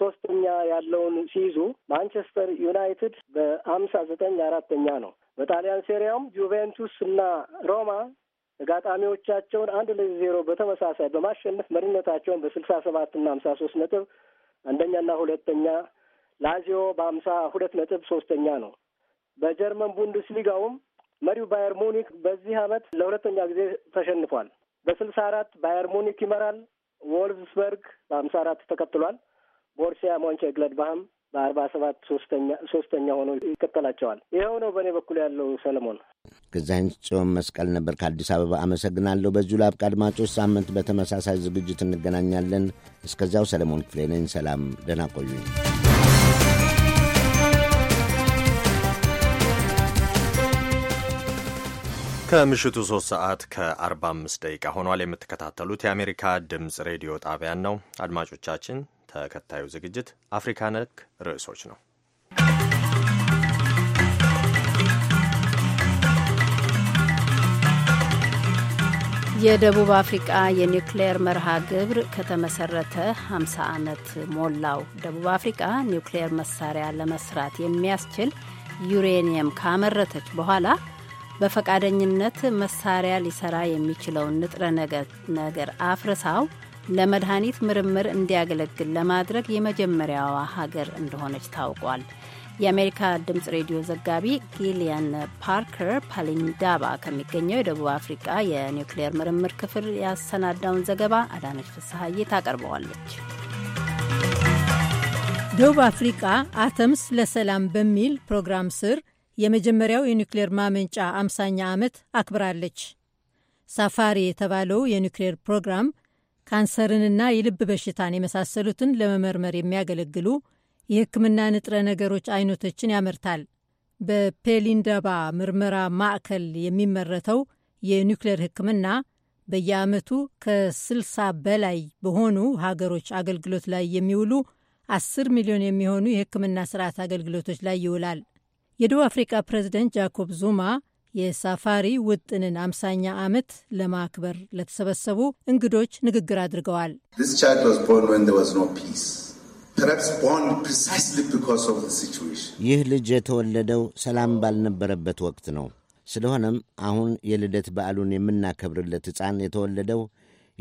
M: ሶስተኛ ያለውን ሲይዙ ማንቸስተር ዩናይትድ በአምሳ ዘጠኝ አራተኛ ነው። በጣሊያን ሴሪያውም ጁቬንቱስ እና ሮማ ተጋጣሚዎቻቸውን አንድ ለዜሮ በተመሳሳይ በማሸነፍ መሪነታቸውን በስልሳ ሰባት እና ሀምሳ ሶስት ነጥብ አንደኛና ሁለተኛ፣ ላዚዮ በሀምሳ ሁለት ነጥብ ሶስተኛ ነው። በጀርመን ቡንደስሊጋውም መሪው ባየር ሙኒክ በዚህ አመት ለሁለተኛ ጊዜ ተሸንፏል። በስልሳ አራት ባየር ሙኒክ ይመራል። ወልፍስበርግ በሀምሳ አራት ተከትሏል። ቦርሲያ ሞንቼ ግለድባህም በአርባ ሰባት ሶስተኛ ሶስተኛ ሆኖ ይከተላቸዋል። ይኸው ነው በእኔ በኩል ያለው ሰለሞን።
L: ገዛኝ ጽዮን መስቀል ነበር ከአዲስ አበባ አመሰግናለሁ። በዚሁ ላብቅ አድማጮች፣ ሳምንት በተመሳሳይ ዝግጅት እንገናኛለን። እስከዚያው ሰለሞን ክፍሌ ነኝ። ሰላም፣ ደህና ቆዩኝ። ከምሽቱ 3
B: ሰዓት ከ45 ደቂቃ ሆኗል። የምትከታተሉት የአሜሪካ ድምፅ ሬዲዮ ጣቢያን ነው። አድማጮቻችን፣ ተከታዩ ዝግጅት አፍሪካ ነክ ርዕሶች ነው።
C: የደቡብ አፍሪቃ የኒውክሌር መርሃ ግብር ከተመሰረተ 50 ዓመት ሞላው። ደቡብ አፍሪቃ ኒውክሌየር መሳሪያ ለመስራት የሚያስችል ዩሬኒየም ካመረተች በኋላ በፈቃደኝነት መሳሪያ ሊሰራ የሚችለውን ንጥረ ነገር አፍርሳው ለመድኃኒት ምርምር እንዲያገለግል ለማድረግ የመጀመሪያዋ ሀገር እንደሆነች ታውቋል። የአሜሪካ ድምፅ ሬዲዮ ዘጋቢ ጊሊያን ፓርከር ፓሊንዳባ ከሚገኘው የደቡብ አፍሪቃ የኒውክሌር ምርምር ክፍል ያሰናዳውን ዘገባ አዳነች ፍስሐዬ ታቀርበዋለች። ደቡብ አፍሪቃ አተምስ ለሰላም በሚል
F: ፕሮግራም ስር የመጀመሪያው የኒውክሌር ማመንጫ አምሳኛ ዓመት አክብራለች። ሳፋሪ የተባለው የኒውክሌር ፕሮግራም ካንሰርንና የልብ በሽታን የመሳሰሉትን ለመመርመር የሚያገለግሉ የሕክምና ንጥረ ነገሮች አይነቶችን ያመርታል። በፔሊንዳባ ምርመራ ማዕከል የሚመረተው የኒውክሌር ሕክምና በየዓመቱ ከ60 በላይ በሆኑ ሀገሮች አገልግሎት ላይ የሚውሉ 10 ሚሊዮን የሚሆኑ የሕክምና ስርዓት አገልግሎቶች ላይ ይውላል። የደቡብ አፍሪካ ፕሬዝደንት ጃኮብ ዙማ የሳፋሪ ውጥንን አምሳኛ ዓመት ለማክበር ለተሰበሰቡ እንግዶች ንግግር አድርገዋል።
L: ይህ ልጅ የተወለደው ሰላም ባልነበረበት ወቅት ነው። ስለሆነም አሁን የልደት በዓሉን የምናከብርለት ሕፃን የተወለደው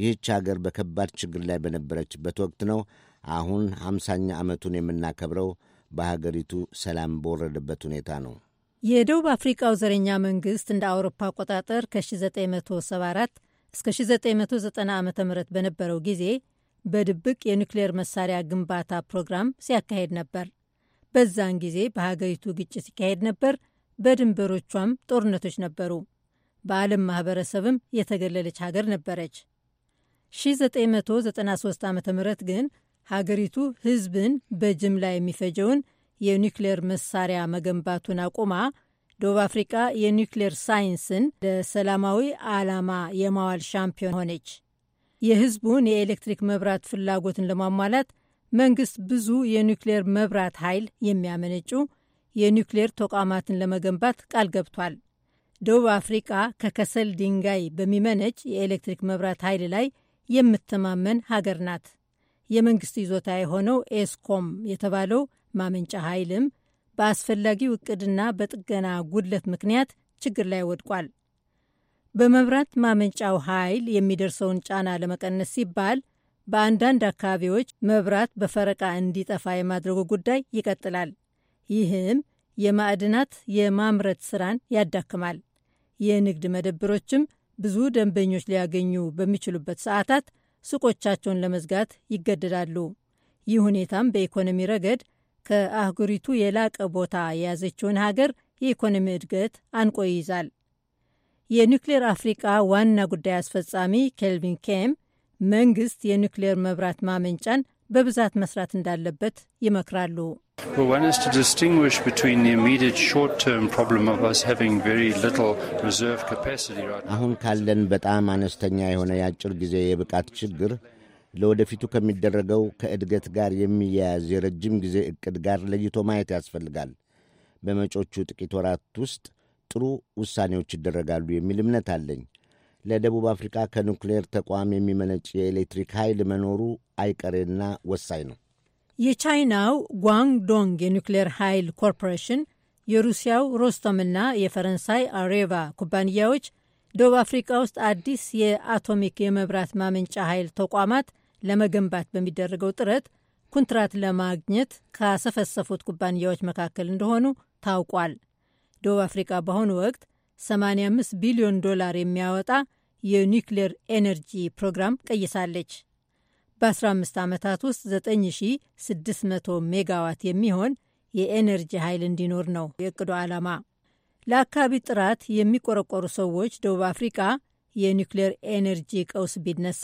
L: ይህች አገር በከባድ ችግር ላይ በነበረችበት ወቅት ነው። አሁን አምሳኛ ዓመቱን የምናከብረው በሀገሪቱ ሰላም በወረደበት ሁኔታ ነው።
F: የደቡብ አፍሪቃው ዘረኛ መንግስት እንደ አውሮፓ አቆጣጠር ከ1974 እስከ 1990 ዓ ም በነበረው ጊዜ በድብቅ የኒክሌር መሳሪያ ግንባታ ፕሮግራም ሲያካሄድ ነበር። በዛን ጊዜ በሀገሪቱ ግጭት ይካሄድ ነበር። በድንበሮቿም ጦርነቶች ነበሩ። በዓለም ማኅበረሰብም የተገለለች ሀገር ነበረች። 1993 ዓ ም ግን ሀገሪቱ ህዝብን በጅምላ የሚፈጀውን የኒክሌር መሳሪያ መገንባቱን አቁማ ደቡብ አፍሪቃ የኒክሌር ሳይንስን ለሰላማዊ ዓላማ የማዋል ሻምፒዮን ሆነች። የህዝቡን የኤሌክትሪክ መብራት ፍላጎትን ለማሟላት መንግስት ብዙ የኒክሌር መብራት ኃይል የሚያመነጩ የኒክሌር ተቋማትን ለመገንባት ቃል ገብቷል። ደቡብ አፍሪቃ ከከሰል ድንጋይ በሚመነጭ የኤሌክትሪክ መብራት ኃይል ላይ የምተማመን ሀገር ናት። የመንግስት ይዞታ የሆነው ኤስኮም የተባለው ማመንጫ ኃይልም በአስፈላጊው እቅድና በጥገና ጉድለት ምክንያት ችግር ላይ ወድቋል። በመብራት ማመንጫው ኃይል የሚደርሰውን ጫና ለመቀነስ ሲባል በአንዳንድ አካባቢዎች መብራት በፈረቃ እንዲጠፋ የማድረጉ ጉዳይ ይቀጥላል። ይህም የማዕድናት የማምረት ስራን ያዳክማል። የንግድ መደብሮችም ብዙ ደንበኞች ሊያገኙ በሚችሉበት ሰዓታት ሱቆቻቸውን ለመዝጋት ይገደዳሉ። ይህ ሁኔታም በኢኮኖሚ ረገድ ከአህጉሪቱ የላቀ ቦታ የያዘችውን ሀገር የኢኮኖሚ እድገት አንቆ ይይዛል። የኒውክሌር አፍሪቃ ዋና ጉዳይ አስፈጻሚ ኬልቪን ኬም መንግስት የኒውክሌር መብራት ማመንጫን በብዛት መስራት እንዳለበት ይመክራሉ።
L: አሁን ካለን በጣም አነስተኛ የሆነ የአጭር ጊዜ የብቃት ችግር ለወደፊቱ ከሚደረገው ከእድገት ጋር የሚያያዝ የረጅም ጊዜ እቅድ ጋር ለይቶ ማየት ያስፈልጋል። በመጮቹ ጥቂት ወራት ውስጥ ጥሩ ውሳኔዎች ይደረጋሉ የሚል እምነት አለኝ። ለደቡብ አፍሪካ ከኑክሌር ተቋም የሚመነጭ የኤሌክትሪክ ኃይል መኖሩ አይቀሬና ወሳኝ ነው።
F: የቻይናው ጓንግዶንግ የኒውክሌር ኃይል ኮርፖሬሽን፣ የሩሲያው ሮስቶምና የፈረንሳይ አሬቫ ኩባንያዎች ደቡብ አፍሪካ ውስጥ አዲስ የአቶሚክ የመብራት ማመንጫ ኃይል ተቋማት ለመገንባት በሚደረገው ጥረት ኩንትራት ለማግኘት ካሰፈሰፉት ኩባንያዎች መካከል እንደሆኑ ታውቋል። ደቡብ አፍሪካ በአሁኑ ወቅት 85 ቢሊዮን ዶላር የሚያወጣ የኒውክሌር ኤነርጂ ፕሮግራም ቀይሳለች። በ15 ዓመታት ውስጥ 9600 ሜጋዋት የሚሆን የኤነርጂ ኃይል እንዲኖር ነው የእቅዱ ዓላማ። ለአካባቢ ጥራት የሚቆረቆሩ ሰዎች ደቡብ አፍሪቃ የኒውክሌር ኤነርጂ ቀውስ ቢነሳ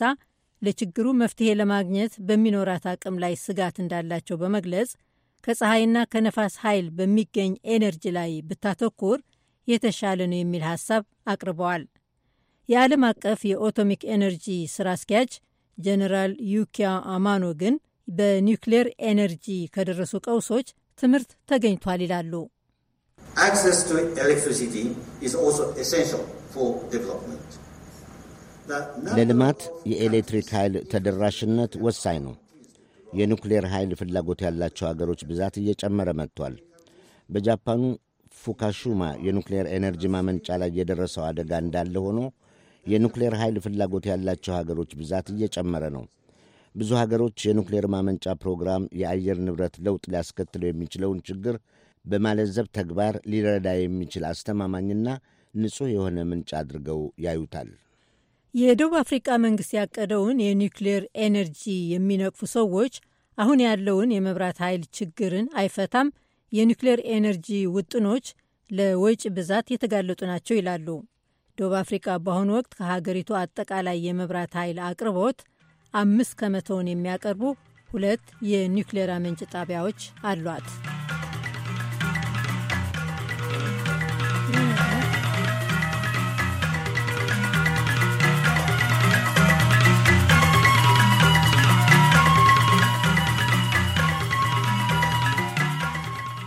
F: ለችግሩ መፍትሄ ለማግኘት በሚኖራት አቅም ላይ ስጋት እንዳላቸው በመግለጽ ከፀሐይና ከነፋስ ኃይል በሚገኝ ኤነርጂ ላይ ብታተኩር የተሻለ ነው የሚል ሐሳብ አቅርበዋል። የዓለም አቀፍ የኦቶሚክ ኤነርጂ ስራ አስኪያጅ ጀነራል ዩኪያ አማኖ ግን በኒውክሌር ኤነርጂ ከደረሱ ቀውሶች ትምህርት ተገኝቷል ይላሉ።
L: ለልማት የኤሌክትሪክ ኃይል ተደራሽነት ወሳኝ ነው። የኒውክሌር ኃይል ፍላጎት ያላቸው አገሮች ብዛት እየጨመረ መጥቷል። በጃፓኑ ፉካሹማ የኒውክሌር ኤነርጂ ማመንጫ ላይ የደረሰው አደጋ እንዳለ ሆኖ የኑክሌር ኃይል ፍላጎት ያላቸው ሀገሮች ብዛት እየጨመረ ነው። ብዙ ሀገሮች የኑክሌር ማመንጫ ፕሮግራም የአየር ንብረት ለውጥ ሊያስከትለው የሚችለውን ችግር በማለዘብ ተግባር ሊረዳ የሚችል አስተማማኝና ንጹሕ የሆነ ምንጭ አድርገው ያዩታል።
F: የደቡብ አፍሪቃ መንግሥት ያቀደውን የኒውክሌር ኤነርጂ የሚነቅፉ ሰዎች አሁን ያለውን የመብራት ኃይል ችግርን አይፈታም፣ የኒውክሌር ኤነርጂ ውጥኖች ለወጪ ብዛት የተጋለጡ ናቸው ይላሉ። ደቡብ አፍሪካ በአሁኑ ወቅት ከሀገሪቱ አጠቃላይ የመብራት ኃይል አቅርቦት አምስት ከመቶውን የሚያቀርቡ ሁለት የኒውክሌር አመንጭ ጣቢያዎች አሏት።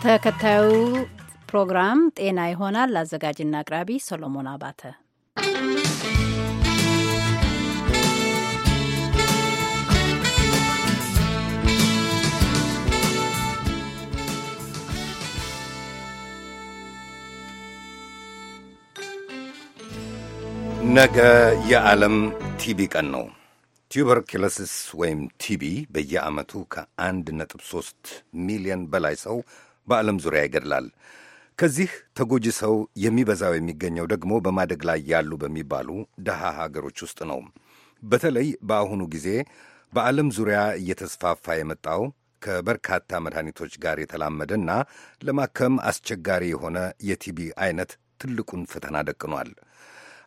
C: ተከታዩ ፕሮግራም ጤና ይሆናል። አዘጋጅና አቅራቢ ሶሎሞን አባተ።
G: ነገ የዓለም ቲቢ ቀን ነው። ቱበርኪሎሲስ ወይም ቲቢ በየዓመቱ ከአንድ ነጥብ ሦስት ሚሊዮን በላይ ሰው በዓለም ዙሪያ ይገድላል። ከዚህ ተጎጂ ሰው የሚበዛው የሚገኘው ደግሞ በማደግ ላይ ያሉ በሚባሉ ደሃ ሀገሮች ውስጥ ነው። በተለይ በአሁኑ ጊዜ በዓለም ዙሪያ እየተስፋፋ የመጣው ከበርካታ መድኃኒቶች ጋር የተላመደና ለማከም አስቸጋሪ የሆነ የቲቢ አይነት ትልቁን ፈተና ደቅኗል።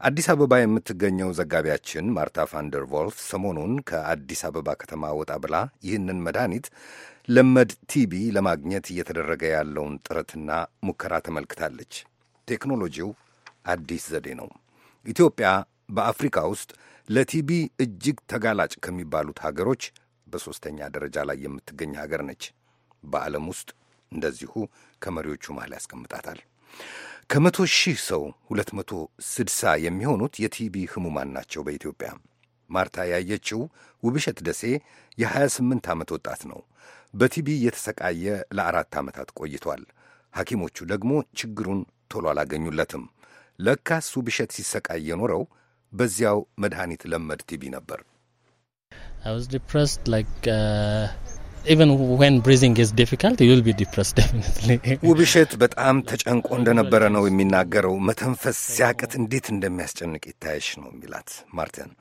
G: አዲስ አበባ የምትገኘው ዘጋቢያችን ማርታ ፋንደር ቮልፍ ሰሞኑን ከአዲስ አበባ ከተማ ወጣ ብላ ይህንን መድኃኒት ለመድ ቲቢ ለማግኘት እየተደረገ ያለውን ጥረትና ሙከራ ተመልክታለች። ቴክኖሎጂው አዲስ ዘዴ ነው። ኢትዮጵያ በአፍሪካ ውስጥ ለቲቢ እጅግ ተጋላጭ ከሚባሉት ሀገሮች በሦስተኛ ደረጃ ላይ የምትገኝ ሀገር ነች። በዓለም ውስጥ እንደዚሁ ከመሪዎቹ መሃል ያስቀምጣታል። ከመቶ ሺህ ሰው ሁለት መቶ ስድሳ የሚሆኑት የቲቢ ህሙማን ናቸው በኢትዮጵያ። ማርታ ያየችው ውብሸት ደሴ የ28 ዓመት ወጣት ነው። በቲቢ እየተሰቃየ ለአራት ዓመታት ቆይቷል። ሐኪሞቹ ደግሞ ችግሩን ቶሎ አላገኙለትም። ለካ እሱ ብሸት ሲሰቃይ የኖረው በዚያው መድኃኒት ለመድ ቲቢ ነበር። ውብሸት uh, በጣም ተጨንቆ እንደነበረ ነው የሚናገረው። መተንፈስ ሲያቅት እንዴት እንደሚያስጨንቅ ይታየሽ ነው የሚላት ማርተን።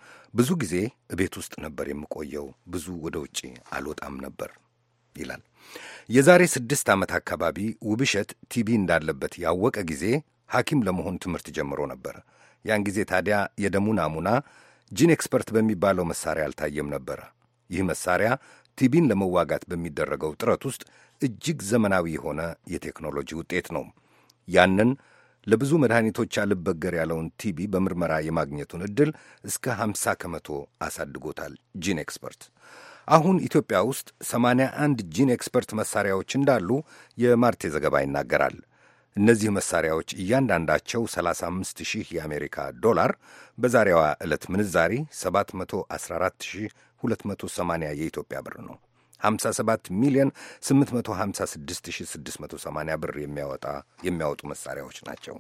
G: ብዙ ጊዜ እቤት ውስጥ ነበር የምቆየው፣ ብዙ ወደ ውጪ አልወጣም ነበር። ይላል። የዛሬ ስድስት ዓመት አካባቢ ውብሸት ቲቢ እንዳለበት ያወቀ ጊዜ ሐኪም ለመሆን ትምህርት ጀምሮ ነበር። ያን ጊዜ ታዲያ የደሙ ናሙና ጂን ኤክስፐርት በሚባለው መሳሪያ አልታየም ነበረ። ይህ መሳሪያ ቲቢን ለመዋጋት በሚደረገው ጥረት ውስጥ እጅግ ዘመናዊ የሆነ የቴክኖሎጂ ውጤት ነው። ያንን ለብዙ መድኃኒቶች አልበገር ያለውን ቲቢ በምርመራ የማግኘቱን ዕድል እስከ 50 ከመቶ አሳድጎታል። ጂን ኤክስፐርት አሁን ኢትዮጵያ ውስጥ 81 ጂን ኤክስፐርት መሳሪያዎች እንዳሉ የማርቴ ዘገባ ይናገራል። እነዚህ መሳሪያዎች እያንዳንዳቸው 35,000 ሺህ የአሜሪካ ዶላር በዛሬዋ ዕለት ምንዛሪ 714,280 የኢትዮጵያ ብር ነው። 57 ሚሊዮን 856680 ብር የሚያወጡ መሳሪያዎች ናቸው።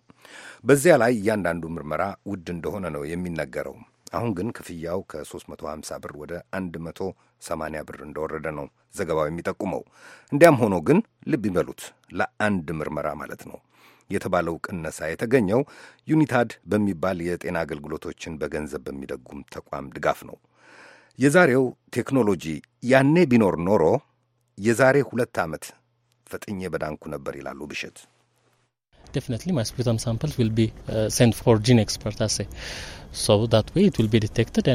G: በዚያ ላይ እያንዳንዱ ምርመራ ውድ እንደሆነ ነው የሚነገረው። አሁን ግን ክፍያው ከ350 ብር ወደ 180 ብር እንደወረደ ነው ዘገባው የሚጠቁመው። እንዲያም ሆኖ ግን ልብ ይበሉት ለአንድ ምርመራ ማለት ነው የተባለው ቅነሳ የተገኘው ዩኒታድ በሚባል የጤና አገልግሎቶችን በገንዘብ በሚደጉም ተቋም ድጋፍ ነው። የዛሬው ቴክኖሎጂ ያኔ ቢኖር ኖሮ የዛሬ ሁለት ዓመት ፈጥኜ በዳንኩ ነበር ይላሉ ብሸት።
I: definitely my sputum samples will be uh, sent for gene expert assay. So that way it will be detected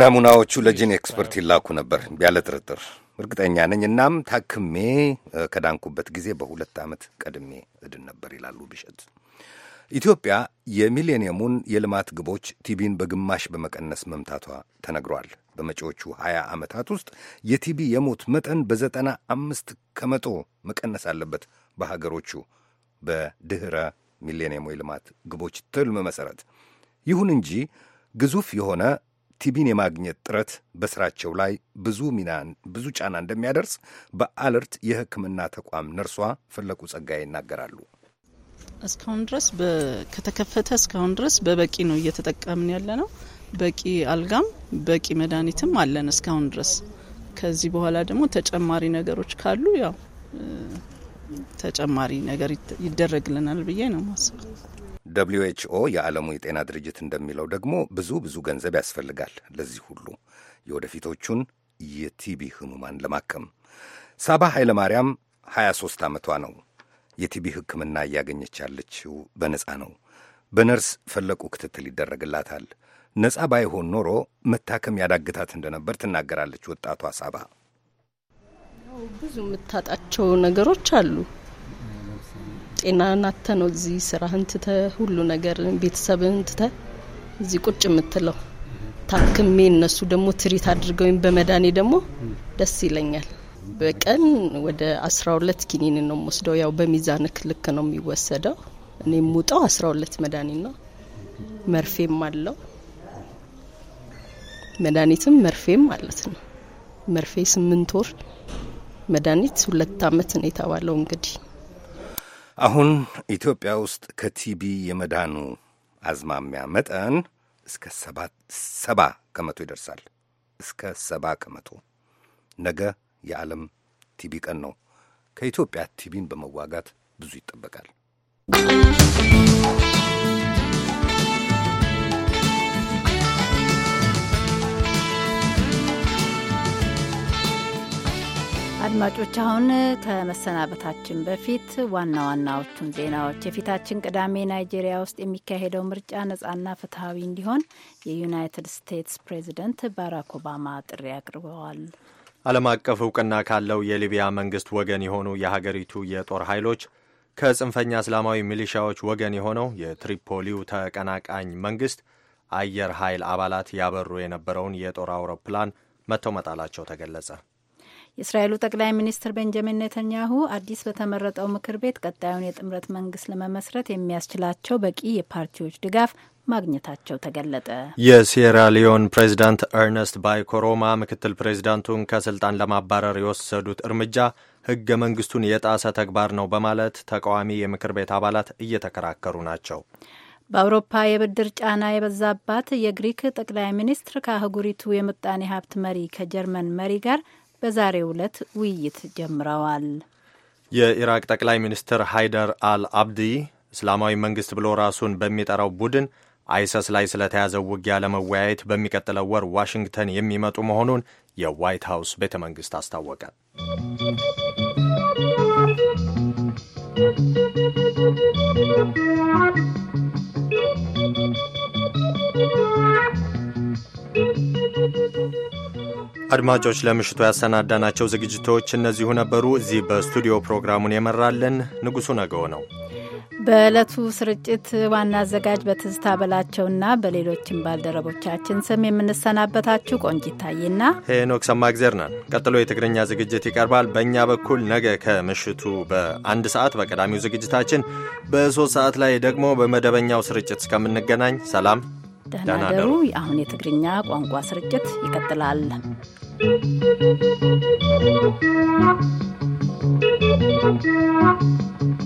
G: ናሙናዎቹ ለጂን ኤክስፐርት ይላኩ ነበር ያለ ጥርጥር እርግጠኛ ነኝ። እናም ታክሜ uh, ከዳንኩበት ጊዜ በሁለት ዓመት ቀድሜ እድን ነበር ይላሉ ብሸት። ኢትዮጵያ የሚሌኒየሙን የልማት ግቦች ቲቢን በግማሽ በመቀነስ መምታቷ ተነግሯል። በመጪዎቹ 20 ዓመታት ውስጥ የቲቢ የሞት መጠን በዘጠና አምስት ከመቶ መቀነስ አለበት። በሀገሮቹ በድኅረ ሚሌኒየሙ የልማት ግቦች ትልም መሠረት። ይሁን እንጂ ግዙፍ የሆነ ቲቢን የማግኘት ጥረት በስራቸው ላይ ብዙ ሚናን ብዙ ጫና እንደሚያደርስ በአለርት የሕክምና ተቋም ነርሷ ፈለቁ ጸጋዬ ይናገራሉ።
C: እስካሁን ድረስ ከተከፈተ እስካሁን ድረስ በበቂ ነው
A: እየተጠቀምን ያለ ነው። በቂ አልጋም በቂ መድኃኒትም አለን እስካሁን ድረስ። ከዚህ በኋላ ደግሞ ተጨማሪ ነገሮች ካሉ ያው ተጨማሪ ነገር ይደረግልናል ብዬ ነው ማስበው።
G: ደብሊዩ ኤችኦ የዓለሙ የጤና ድርጅት እንደሚለው ደግሞ ብዙ ብዙ ገንዘብ ያስፈልጋል ለዚህ ሁሉ የወደፊቶቹን የቲቢ ህሙማን ለማከም። ሳባ ኃይለማርያም 23 ዓመቷ ነው። የቲቢ ሕክምና እያገኘች ያለችው በነፃ ነው። በነርስ ፈለቁ ክትትል ይደረግላታል። ነፃ ባይሆን ኖሮ መታከም ያዳግታት እንደነበር ትናገራለች ወጣቷ ሳባ።
A: ብዙ የምታጣቸው ነገሮች አሉ። ጤና ናተ ነው እዚህ ስራህን ትተ ሁሉ ነገር ቤተሰብህን ትተ እዚህ ቁጭ የምትለው ታክሜ እነሱ ደግሞ ትሪት አድርገውኝ በመዳኔ ደግሞ ደስ ይለኛል። በቀን ወደ 12 ኪኒን ነው የምወስደው። ያው በሚዛን ልክ ነው የሚወሰደው። እኔ የምውጠው 12 መድኃኒት ነው። መርፌም አለው መድኃኒትም መርፌም ማለት ነው። መርፌ ስምንት ወር መድኃኒት ሁለት አመት ነው የተባለው። እንግዲህ
G: አሁን ኢትዮጵያ ውስጥ ከቲቢ የመዳኑ አዝማሚያ መጠን እስከ ሰባ ከመቶ ይደርሳል። እስከ ሰባ ከመቶ ነገ የዓለም ቲቢ ቀን ነው። ከኢትዮጵያ ቲቢን በመዋጋት ብዙ ይጠበቃል።
C: አድማጮች አሁን ከመሰናበታችን በፊት ዋና ዋናዎቹን ዜናዎች። የፊታችን ቅዳሜ ናይጄሪያ ውስጥ የሚካሄደው ምርጫ ነጻና ፍትሐዊ እንዲሆን የዩናይትድ ስቴትስ ፕሬዚደንት ባራክ ኦባማ ጥሪ አቅርበዋል።
B: ዓለም አቀፍ እውቅና ካለው የሊቢያ መንግሥት ወገን የሆኑ የሀገሪቱ የጦር ኃይሎች ከጽንፈኛ እስላማዊ ሚሊሻዎች ወገን የሆነው የትሪፖሊው ተቀናቃኝ መንግሥት አየር ኃይል አባላት ያበሩ የነበረውን የጦር አውሮፕላን መጥተው መጣላቸው ተገለጸ።
C: የእስራኤሉ ጠቅላይ ሚኒስትር ቤንጃሚን ኔተንያሁ አዲስ በተመረጠው ምክር ቤት ቀጣዩን የጥምረት መንግስት ለመመስረት የሚያስችላቸው በቂ የፓርቲዎች ድጋፍ ማግኘታቸው ተገለጠ።
B: የሲየራ ሊዮን ፕሬዚዳንት ኤርነስት ባይኮሮማ ምክትል ፕሬዚዳንቱን ከስልጣን ለማባረር የወሰዱት እርምጃ ህገ መንግስቱን የጣሰ ተግባር ነው በማለት ተቃዋሚ የምክር ቤት አባላት እየተከራከሩ ናቸው።
C: በአውሮፓ የብድር ጫና የበዛባት የግሪክ ጠቅላይ ሚኒስትር ከአህጉሪቱ የምጣኔ ሀብት መሪ ከጀርመን መሪ ጋር በዛሬው ዕለት ውይይት ጀምረዋል።
B: የኢራቅ ጠቅላይ ሚኒስትር ሃይደር አል አብዲ እስላማዊ መንግስት ብሎ ራሱን በሚጠራው ቡድን አይሰስ ላይ ስለተያዘው ውጊያ ለመወያየት በሚቀጥለው ወር ዋሽንግተን የሚመጡ መሆኑን የዋይት ሀውስ ቤተ መንግሥት አስታወቀ። አድማጮች ለምሽቱ ያሰናዳናቸው ዝግጅቶች እነዚሁ ነበሩ። እዚህ በስቱዲዮ ፕሮግራሙን የመራልን ንጉሡ ነገው ነው።
C: በዕለቱ ስርጭት ዋና አዘጋጅ በትዝታ በላቸውና በሌሎችም ባልደረቦቻችን ስም የምንሰናበታችሁ ቆንጂት ታዬና
B: ሄኖክ ሰማእግዜር ነን። ቀጥሎ የትግርኛ ዝግጅት ይቀርባል። በእኛ በኩል ነገ ከምሽቱ በአንድ ሰዓት በቀዳሚው ዝግጅታችን፣ በሶስት ሰዓት ላይ ደግሞ በመደበኛው ስርጭት እስከምንገናኝ ሰላም
C: ደህና ደሩ። አሁን የትግርኛ ቋንቋ ስርጭት ይቀጥላል። Thank you.